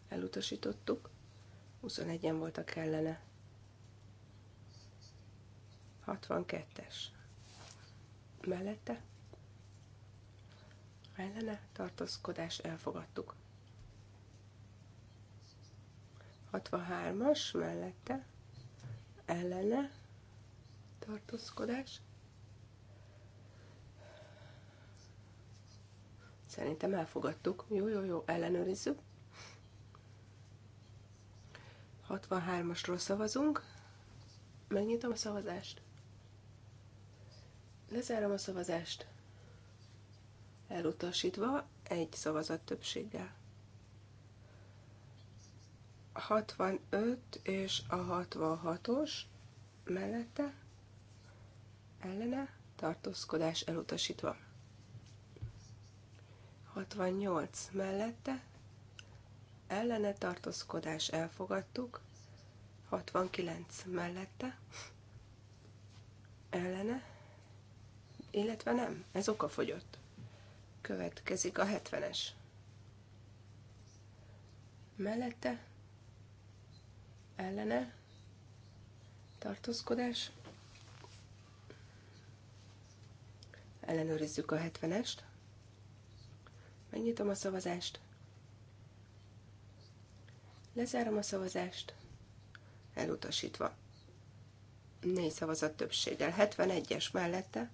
Elutasítottuk. 21-en voltak ellene. 62-es. Mellette. Ellene tartózkodás elfogadtuk. 63-as mellette ellene tartózkodás. Szerintem elfogadtuk. Jó, jó, jó, ellenőrizzük. 63-asról szavazunk. Megnyitom a szavazást. Lezárom a szavazást. Elutasítva egy szavazat többséggel. 65 és a 66-os mellette ellene tartózkodás elutasítva. 68 mellette ellene tartózkodás elfogadtuk, 69 mellette ellene, illetve nem, ez oka fogyott. Következik a 70-es. Mellette ellene tartózkodás. Ellenőrizzük a 70-est. Megnyitom a szavazást. Lezárom a szavazást. Elutasítva. Négy szavazat többséggel. 71-es mellette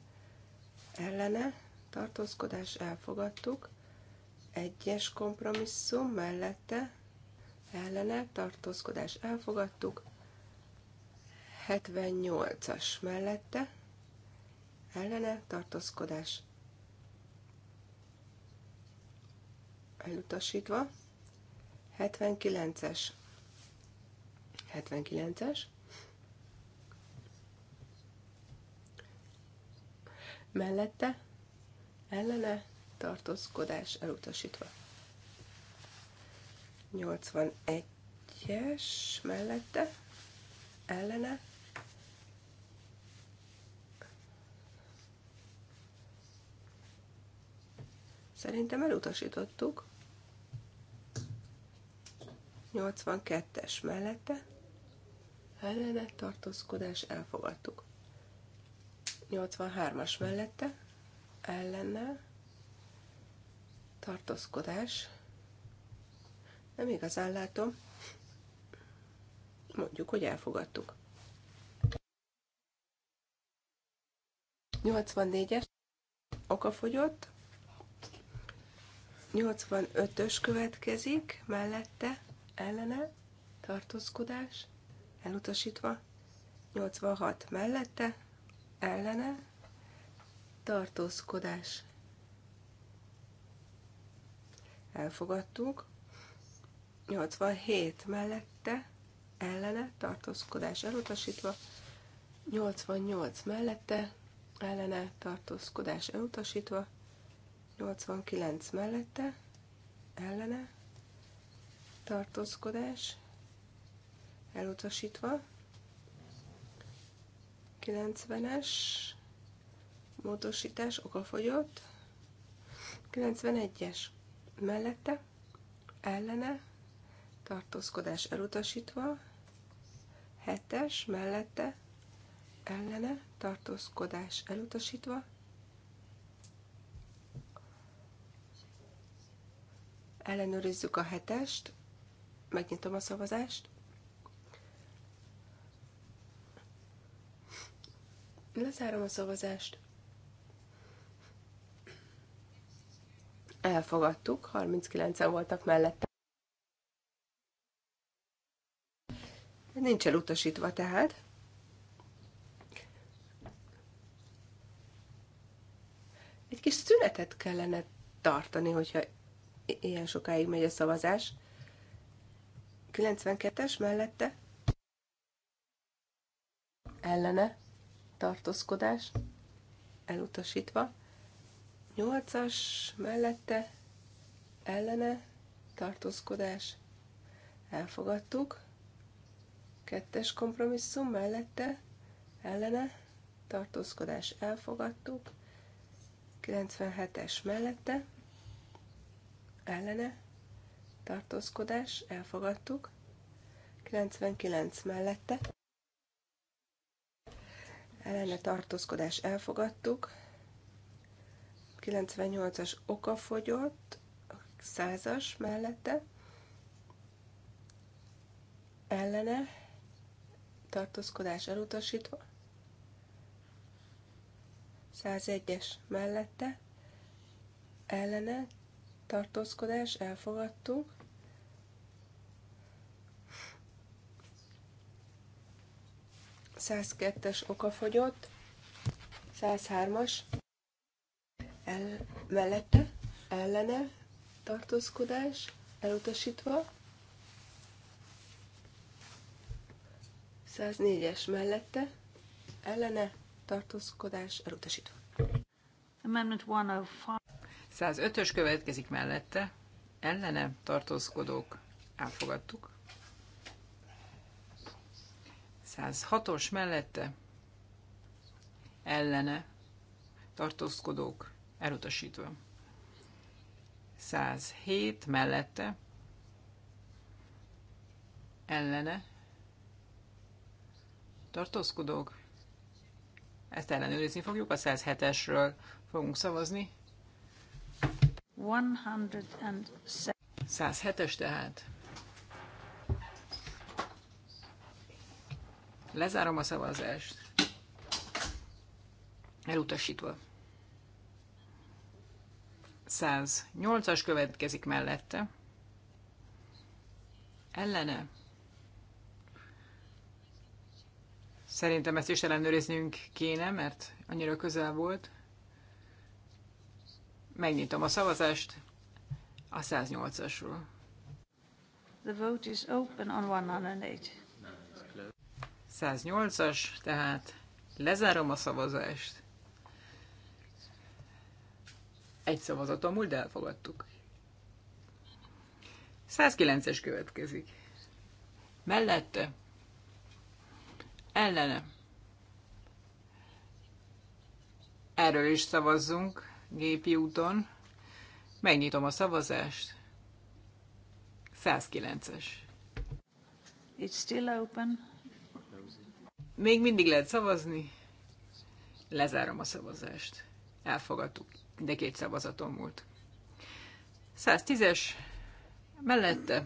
ellene tartózkodás elfogadtuk. Egyes kompromisszum mellette ellene tartózkodás elfogadtuk, 78-as mellette ellene tartózkodás elutasítva, 79-es 79-es mellette ellene tartózkodás elutasítva. 81-es mellette, ellene. Szerintem elutasítottuk. 82-es mellette, ellene tartózkodás elfogadtuk. 83-as mellette, ellene tartózkodás nem igazán látom. Mondjuk, hogy elfogadtuk. 84-es okafogyott. 85-ös következik, mellette, ellene, tartózkodás, elutasítva. 86 mellette, ellene, tartózkodás. Elfogadtuk. 87 mellette, ellene, tartózkodás elutasítva, 88 mellette, ellene, tartózkodás elutasítva, 89 mellette, ellene, tartózkodás elutasítva, 90-es módosítás okafogyott, 91-es mellette, ellene, tartózkodás elutasítva, hetes mellette, ellene, tartózkodás elutasítva, ellenőrizzük a hetest, megnyitom a szavazást, lezárom a szavazást, elfogadtuk, 39-en voltak mellette. Nincs elutasítva tehát. Egy kis szünetet kellene tartani, hogyha ilyen sokáig megy a szavazás. 92-es mellette ellene tartózkodás elutasítva. 8-as mellette ellene tartózkodás elfogadtuk. Kettes kompromisszum mellette, ellene, tartózkodás elfogadtuk. 97-es mellette, ellene, tartózkodás elfogadtuk. 99 mellette, ellene tartózkodás elfogadtuk. 98-as fogyott, 100-as mellette, ellene tartózkodás elutasítva, 101-es mellette, ellene, tartózkodás elfogadtuk, es okafogyott, 103-as el, mellette, ellene, tartózkodás elutasítva, 104-es mellette ellene tartózkodás elutasítva. Amendment 105. 105-ös következik mellette. Ellene tartózkodók elfogadtuk. 106-os mellette ellene tartózkodók elutasítva. 107 mellette ellene tartózkodók. Ezt ellenőrizni fogjuk, a 107-esről fogunk szavazni. 107-es tehát. Lezárom a szavazást. Elutasítva. 108-as következik mellette. Ellene Szerintem ezt is ellenőriznünk kéne, mert annyira közel volt. Megnyitom a szavazást a 108-asról. The vote is open on 108. 108-as, tehát lezárom a szavazást. Egy szavazaton múlt, de elfogadtuk. 109-es következik. Mellette ellene. Erről is szavazzunk gépi úton. Megnyitom a szavazást. 109-es. It's still open. Még mindig lehet szavazni. Lezárom a szavazást. Elfogadtuk. De két szavazatom volt. 110-es. Mellette.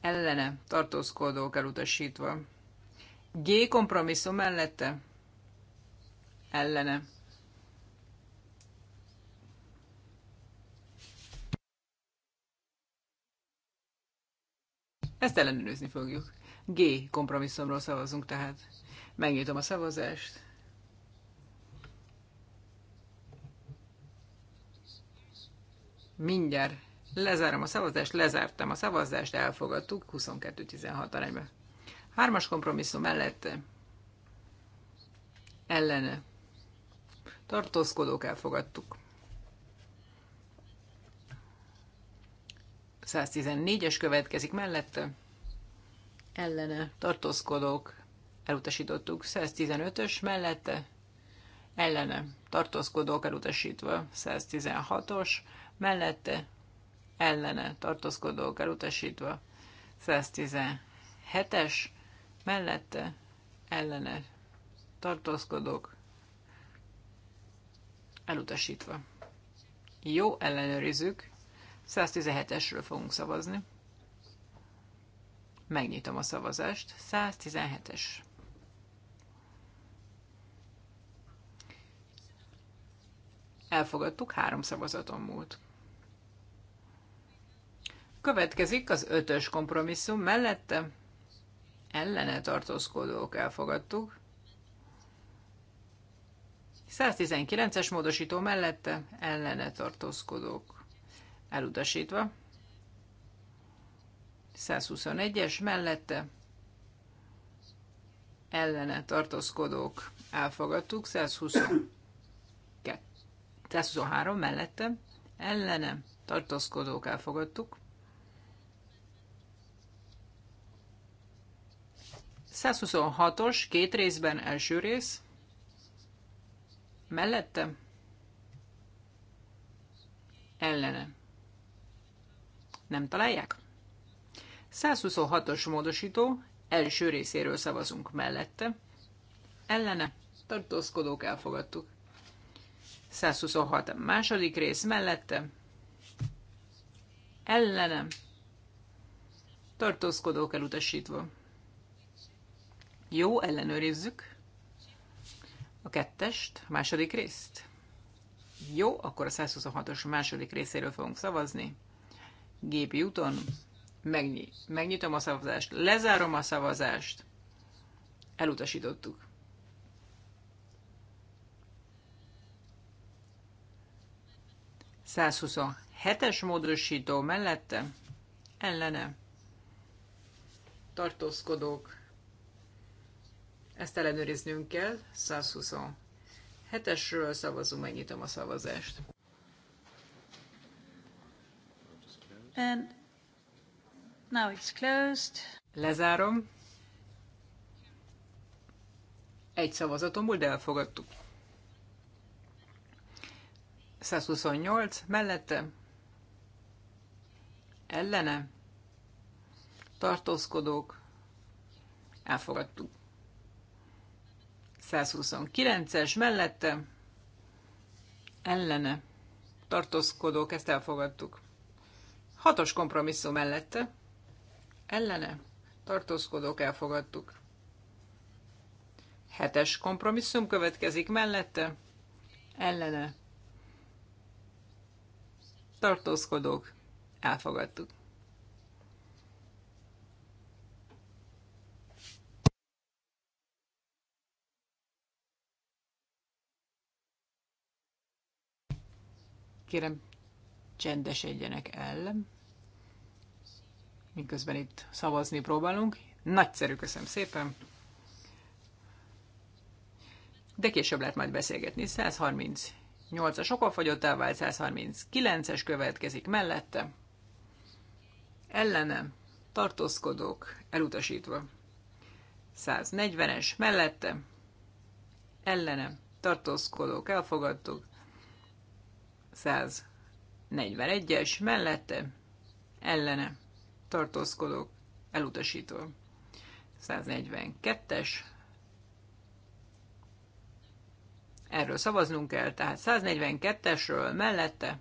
Ellene. Tartózkodók elutasítva. G kompromisszum mellette ellene. Ezt ellenőrizni fogjuk. G kompromisszumról szavazunk tehát. Megnyitom a szavazást. Mindjárt lezárom a szavazást, lezártam a szavazást, elfogadtuk 22-16 arányban. Hármas kompromisszum mellette ellene tartózkodók elfogadtuk. 114-es következik mellette. Ellene tartózkodók elutasítottuk. 115-ös mellette. Ellene tartózkodók elutasítva. 116-os mellette. Ellene tartózkodók elutasítva. 117-es mellette ellene tartózkodok, elutasítva. Jó, ellenőrizzük. 117-esről fogunk szavazni. Megnyitom a szavazást. 117-es. Elfogadtuk, három szavazaton múlt. Következik az ötös kompromisszum mellette ellene tartózkodók elfogadtuk. 119-es módosító mellette ellene tartózkodók elutasítva. 121-es mellette ellene tartózkodók elfogadtuk. 122. 123 mellette ellene tartózkodók elfogadtuk. 126-os, két részben, első rész. Mellette. Ellene. Nem találják? 126-os módosító, első részéről szavazunk mellette. Ellene. Tartózkodók elfogadtuk. 126 második rész mellette. Ellenem. Tartózkodók elutasítva. Jó, ellenőrizzük. A kettest, a második részt. Jó, akkor a 126-os második részéről fogunk szavazni. Gépi úton megnyi, megnyitom a szavazást, lezárom a szavazást. Elutasítottuk. es módosító mellette ellene tartózkodók ezt ellenőriznünk kell. 127-esről szavazunk, megnyitom a szavazást. And now it's closed. Lezárom. Egy szavazatomból, de elfogadtuk. 128 mellette. Ellene. Tartózkodók. Elfogadtuk. 129-es mellette ellene tartózkodók, ezt elfogadtuk. Hatos kompromisszum mellette ellene tartózkodók, elfogadtuk. Hetes kompromisszum következik mellette ellene tartózkodók, elfogadtuk. Kérem, csendesedjenek el, miközben itt szavazni próbálunk. Nagyszerű, köszönöm szépen. De később lehet majd beszélgetni. 138-as okolfogyottá elvált, 139-es következik mellette. Ellenem tartózkodók elutasítva. 140-es mellette, ellenem tartózkodók elfogadtuk, 141-es mellette ellene tartózkodok, elutasító. 142-es erről szavaznunk kell, tehát 142-esről mellette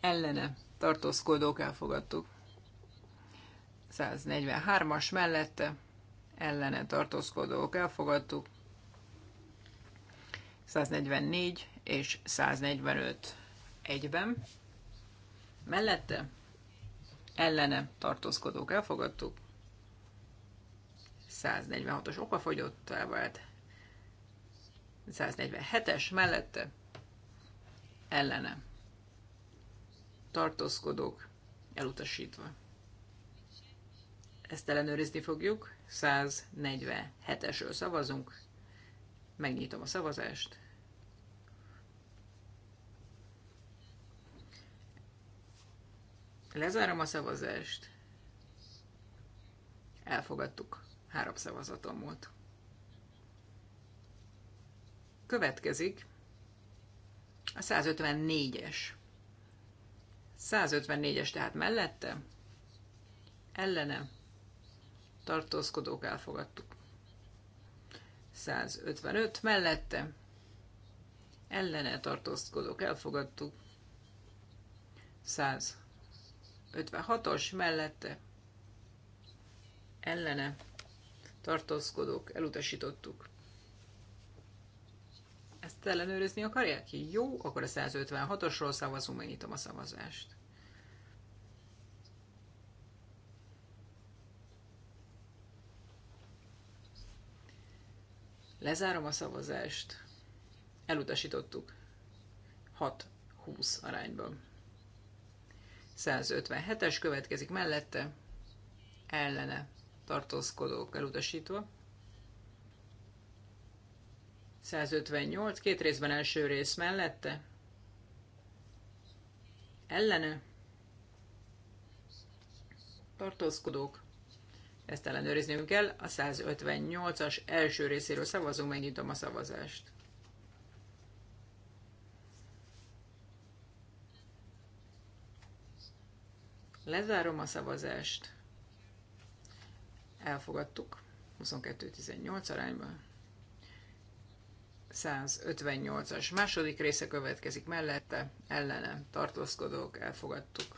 ellene tartózkodók elfogadtuk. 143-as mellette ellene tartózkodók elfogadtuk. 144 és 145 egyben. Mellette ellene tartózkodók elfogadtuk. 146-os okafogyottá elvált, 147-es mellette ellene tartózkodók elutasítva. Ezt ellenőrizni fogjuk. 147-esről szavazunk. Megnyitom a szavazást. Lezárom a szavazást. Elfogadtuk. Három szavazatom volt. Következik a 154-es. 154-es tehát mellette, ellene, tartózkodók elfogadtuk. 155 mellette, ellene tartózkodók elfogadtuk. 100 56-os mellette ellene tartózkodók elutasítottuk. Ezt ellenőrizni akarják? Jó, akkor a 156-osról szavazunk, megnyitom a szavazást. Lezárom a szavazást. Elutasítottuk. 6-20 arányban. 157-es következik mellette, ellene tartózkodók elutasítva. 158, két részben első rész mellette, ellene tartózkodók. Ezt ellenőriznünk kell. A 158-as első részéről szavazunk, megnyitom a szavazást. Lezárom a szavazást. Elfogadtuk. 22-18 arányban. 158-as második része következik mellette, ellene tartózkodók, elfogadtuk.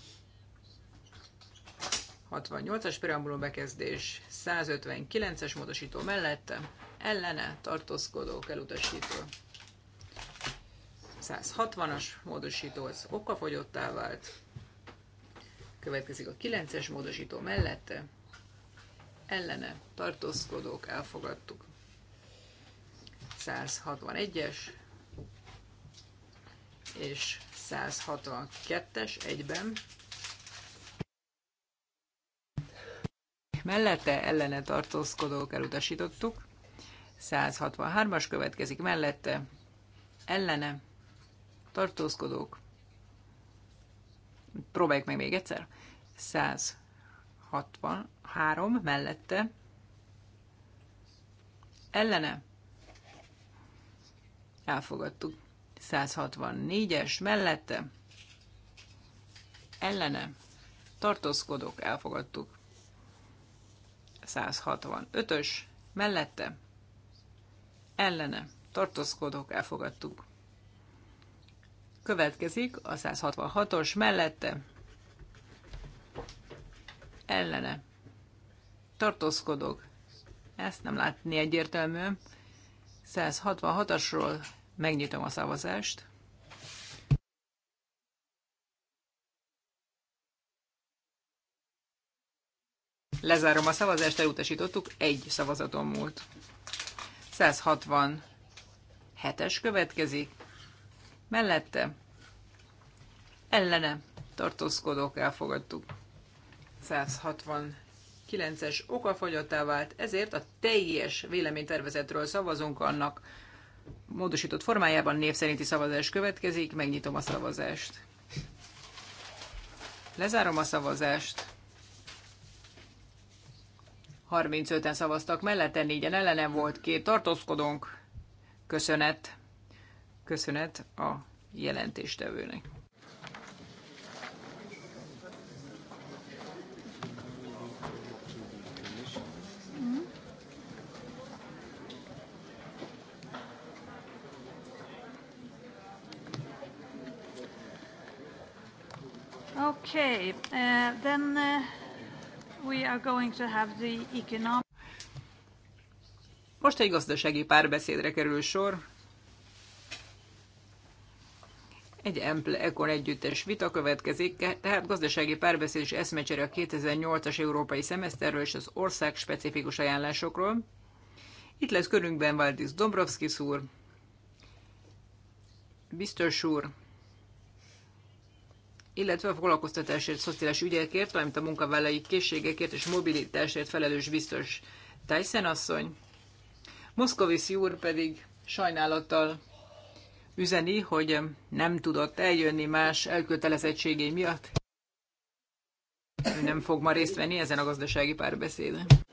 68-as preambulum bekezdés, 159-es módosító mellette, ellene tartózkodók, elutasító. 160-as módosító, az okafogyottá vált. Következik a 9-es módosító mellette. Ellene tartózkodók elfogadtuk. 161-es és 162-es egyben. Mellette ellene tartózkodók elutasítottuk. 163-as következik mellette. Ellene tartózkodók. Próbáljuk meg még egyszer. 163 mellette ellene elfogadtuk. 164-es mellette ellene tartózkodok, elfogadtuk. 165-ös mellette ellene tartózkodok, elfogadtuk. Következik a 166-os mellette ellene. Tartózkodok. Ezt nem látni egyértelműen. 166-asról megnyitom a szavazást. Lezárom a szavazást, elutasítottuk, egy szavazaton múlt. 167-es következik. Mellette ellene tartózkodók elfogadtuk. 169-es okafogyottá vált, ezért a teljes véleménytervezetről szavazunk annak módosított formájában név szerinti szavazás következik, megnyitom a szavazást. Lezárom a szavazást. 35-en szavaztak mellette, négyen ellenem volt, két tartózkodónk. Köszönet. Köszönet a jelentéstevőnek. Okay, uh, then uh, we are going to have the economic... Most egy gazdasági párbeszédre kerül sor. Egy Ample Econ együttes vita következik, tehát gazdasági párbeszéd és eszmecsere a 2008-as európai szemeszterről és az ország specifikus ajánlásokról. Itt lesz körünkben Valdis Dombrovskis úr, biztos úr, illetve a foglalkoztatásért, szociális ügyekért, valamint a munkavállalói készségekért és mobilitásért felelős biztos Tyson asszony. Moszkovisz úr pedig sajnálattal üzeni, hogy nem tudott eljönni más elkötelezettségé miatt. Ő nem fog ma részt venni ezen a gazdasági párbeszéden.